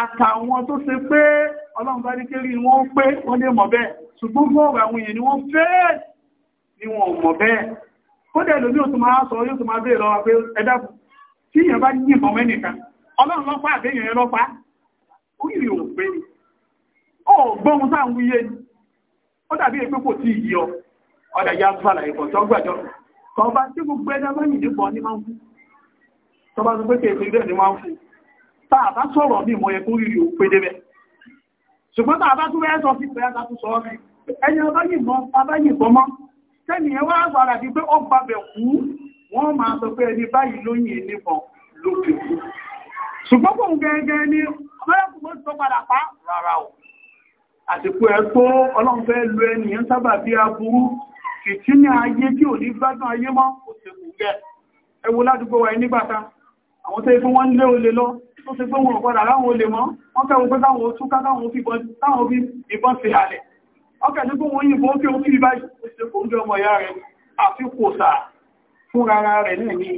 àtàwọn tó ṣe pé ọlọ́run bá díkérí wọ́n pé wọ́n lè mọ̀ bẹ́ẹ̀ ṣùgbọ́n fún ọ̀rọ̀ àwọn èèyàn ni wọ́n fẹ́ ni wọ́n mọ̀ bẹ́ẹ̀ kódẹ̀ lómi òtún máa sọ yóò tún máa bèèrè lọ́wọ́ pé ẹ̀dàkùn tí èèyàn bá yìnbọn mẹ́nìkan ọlọ́run lọ́pàá àbẹ́yàn yẹn lọ́pàá ó yìí ò pé ó gbóhun sáà ń wúyé ni ó dàbí èpé kò tí ì yọ ọ̀dà yá fàlàyé pọ̀ tó gbàjọ́ tọ́ bá tí gbogbo ẹ̀dá bá yìnbọn ní máa ń kú tó bá ti pé kèèkè ilé ni wọ́n fún táà bá sọ̀rọ̀ ní ìmọ̀ ẹkún rírì òun pé débẹ̀ ṣùgbọ́n táà bá tún rẹ́ sọ sí pé ẹ́ta tún sọ rí ẹni abáyìnbọn mọ́ tẹ́ni ẹwà àgbàrà bí pé ọba bẹ̀ kú wọ́n máa sọ pé ẹni báyìí lóyìn ìníbọn lókè kú ṣùgbọ́n kò ń gẹ́gẹ́ ní ọlọ́kùnrin tó padà pa rárá o àsìkò ẹ̀ tó ọlọ́run fẹ́ lu ẹnìyàn sábà bí aburú fìtínà ayé tí ò ní gbádùn ayé mọ́ kò sì kù gẹ́ ẹ wo ládùúgbò wa nígbàtá àwọn tó ikú wọ́n lé olè lọ tó ti gbé wọn padà láwọn olè mọ́ wọ́n kẹ́ wọn pé táwọn ó túká táwọn fi ìbọn sí halẹ̀ ọkẹ̀ ní gbóhun yìnbọn kí ó kí báyìí ó ṣe kò ń jọ ọmọ ìyá rẹ̀ àfikò sà fún rárá rẹ̀ náà ni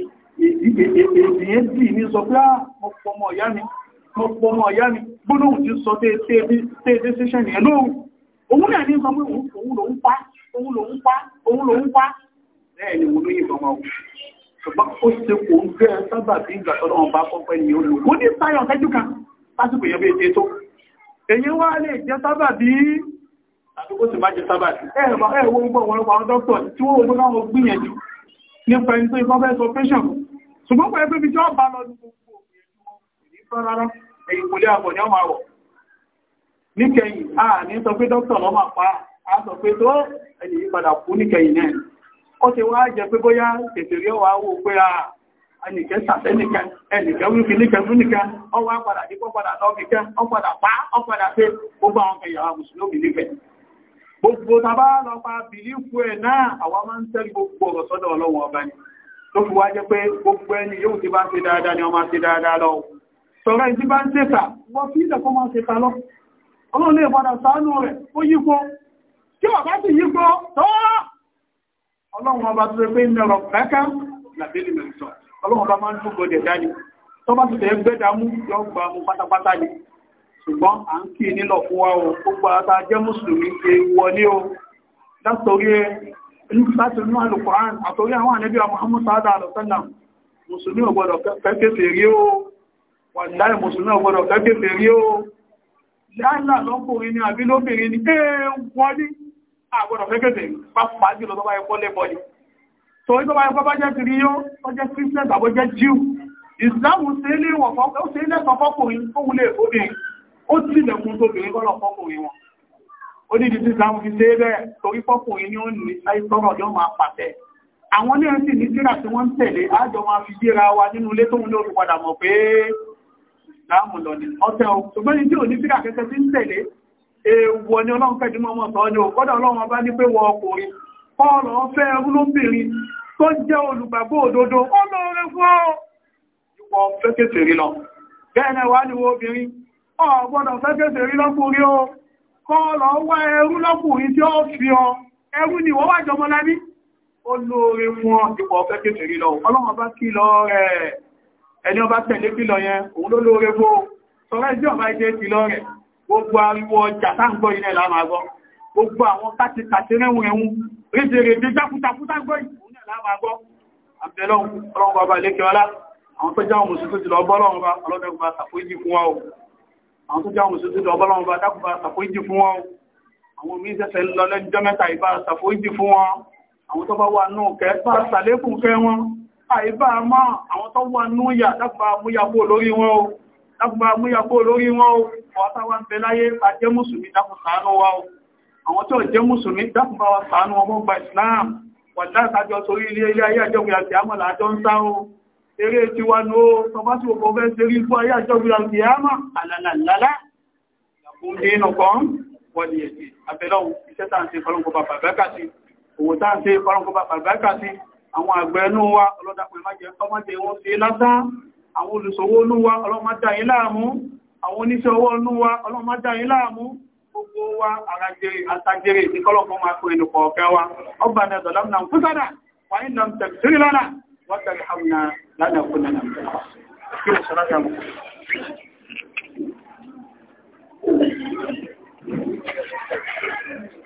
èdìyẹ́ dì ní sọ pé ah, mo pọmọ ìyá mi mo pọmọ ìyá mi gbóhun ti sọ téèdé síṣẹ́ nìyẹn lóòrùn òun náà ní sọ pé òun lòun ṣùgbọ́n ó ṣe kò ń gbé sábà bí ìgbà tọ́lọ́ wọn bá pọ́pẹ́ ni ó lò ó ní sáyọ̀ sẹ́jú kan lásìkò yẹn bí ètè tó èyí wá lè jẹ́ sábà bí àbí kó sì má jẹ sábà bí ẹ̀rọ ẹ̀wọ̀ ń bọ̀ wọ́n àwọn dókítà tí wọ́n gbọ́n wọn gbìyànjú nípa tí wọ́n ó ti wá jẹ pé bóyá tètè ọwà owó pé a ah, ẹnìkẹ́ sàtẹ́nìkẹ́ ẹnìkẹ́ wípé níkẹ́ fún níkẹ́ padà dípọ́ padà lọ ọpadà pa ọpadà pé gbogbo àwọn ẹ̀yà mùsùlùmí nífẹ̀ẹ́ gbogbo tàbá bìlífù ẹ̀ náà máa ń gbogbo ọ̀rọ̀ sọ́dọ̀ ọba ni tó fi wá jẹ́ pé gbogbo ẹni yóò ti bá ń dáadáa ni ọmọ dáadáa lọ sọ̀rọ̀ bá ń ọlọ́run ọba tó pé ń lọ pẹ́ká làbẹ́lì mẹ́sọ̀ ọlọ́run ọba máa ń dúgbò dẹ̀ dání tó bá ti tẹ̀ gbẹ́dà mú yọ gba mú pátápátá ni ṣùgbọ́n à ń kí nílọ̀ fún wa o gbogbo ata jẹ́ mùsùlùmí ṣe wọlé o látòrí ẹ láti inú Al-Qur'an àtòrí àwọn ànábì Muhammad sáádà àlọ́sánà mùsùlùmí ò gbọdọ̀ kẹ́kẹ́fẹ́ rí o wà láì mùsùlùmí ò gbọdọ̀ kẹ́kẹ́fẹ́ o láìláà lọ́kùnrin ni àbí lóbìnrin ni ẹ wọlé àgbọ̀dọ̀ fẹ́kẹ̀sẹ̀ pápá jùlọ tó bá ẹkọ́ lẹ́bọ̀ ni tó ní tó bá ẹkọ́ bá jẹ́ kiri yóò tó jẹ́ christian tàbí jẹ́ jew ìsìláàmù sí ilé ìwọ̀n fọ́kùnrin tó wulẹ̀ fóbìnrin ó sì lẹ̀kùn tóbìnrin kọ́lọ̀ fọ́kùnrin wọn ó ní ìdí ìsìláàmù fi ṣe bẹ́ẹ̀ torí fọ́kùnrin ni ó ní sáìsọ́rọ̀ yóò máa pàtẹ àwọn ní ẹ̀sìn ní síra tí wọ́n ń tẹ̀lé àjọ máa fi yíra wa nínú ilé tóun ní orí padà mọ̀ pé ìsìláàmù lọ ni ọ̀tẹ̀ ò ṣùgbọ́n ní tí ò ní síra kẹsẹ̀ tí ń tẹ̀lé èèwọ̀ ni ọlọ́run fẹ́ jùmọ́ ọmọ ọ̀tọ́ ọjọ́ kọ́dọ̀ ọlọ́run bá ní pé wọ ọkùnrin ọ̀rọ̀ ọ̀fẹ́ ẹrúlóbìnrin tó jẹ́ olùgbàgbọ́ òdodo ọlọ́run fún ọ ìwọ fẹ́ kéfèrí lọ bẹ́ẹ̀ wá ní obìnrin ọ̀gbọ́dọ̀ fẹ́ kéfèrí lọ́kùnrin o kọ́ọ̀lọ̀ wá ẹrú lọ́kùnrin tí ó fi ọ ẹrú ni wọ́n wá jọmọ lábí olóore fún ọ ìwọ fẹ́ kéfèrí lọ ọlọ́run bá kí lọ rẹ̀ ẹni ọba tẹ̀lé kí lọ yẹn òun ló lóore fún ọ sọ̀rọ̀ ẹjọ́ ọba ẹjẹ́ ti lọ rẹ̀ gbogbo ariwo ọjà táǹgbọ́ ilẹ̀ lámàgbọ́ gbogbo àwọn káti kàti rẹ̀wọ̀n ẹ̀wọ̀n rédèrèdè jákútakútàgbọ́ ìpínlẹ̀ lámàgbọ́ àbẹ̀lọ́run ọlọ́run bàbá lékẹ́ọlá àwọn tó jáwọn mùsùlùmí lọ bọ́lọ́run bá ọlọ́dún bá sàpójì fún wa o àwọn tó jáwọn mùsùlùmí lọ bọ́lọ́run bá dákùn bá sàpójì fún wa o àwọn míín sẹ́sẹ̀ lọ lẹ́jọ́ mẹ́ta ìbá sàpójì fún wa àwọn tó bá wà nù kẹ́ bá sàlékùn kẹ́ wọn àìbá mọ́ àwọn tó wà nù yà dákùn bá múyàwó lórí wọn o dákùnbà múyàkó lórí wọn o ọ̀táwà ń bẹ láyé bá jẹ́ mùsùlùmí dákùn ṣàánú wa o àwọn tó jẹ́ mùsùlùmí dákùnbà wa ṣàánú ọmọ gba Islam wà látàjọ torí ilé ilé ayé àjọgbìyà tí a mọ̀ lájọ ń sá o eré ti wà ní o tọba tí òkò fẹ́ ṣe rí fún ayé àjọgbìyà tí a mọ̀ àlàlàlá ìyàkùn dínú kan wọ́n yẹ̀ sí abẹ́lọ́wọ́ iṣẹ́ tàà ń ṣe fọ́lọ́nkọ́ bàbá bẹ́kà sí òwò tàà ń ṣe fọ́lọ́nkọ́ bàbá bẹ́kà sí àwọn àgbẹ̀ ẹnu wa ọlọ́dàpẹ̀ májẹ̀ ọmọdé wọn ṣe lásán àwọn olùsọ̀wọ́ olúwa ọlọ́mọdáyé láàmú àwọn oníṣẹ́ ọwọ́ olúwa ọlọ́mọdáyé láàmú gbogbo wa àrajere àtajere ìkọlọ́pọ̀ máa kó ẹnu kọ̀ọ̀kẹ́ wa ọba náà dọ̀lá náà fúsádà wà ní nàm tẹ̀sírí lánàá wọ́n tẹ̀rí hàmùnà lánàá Thank you.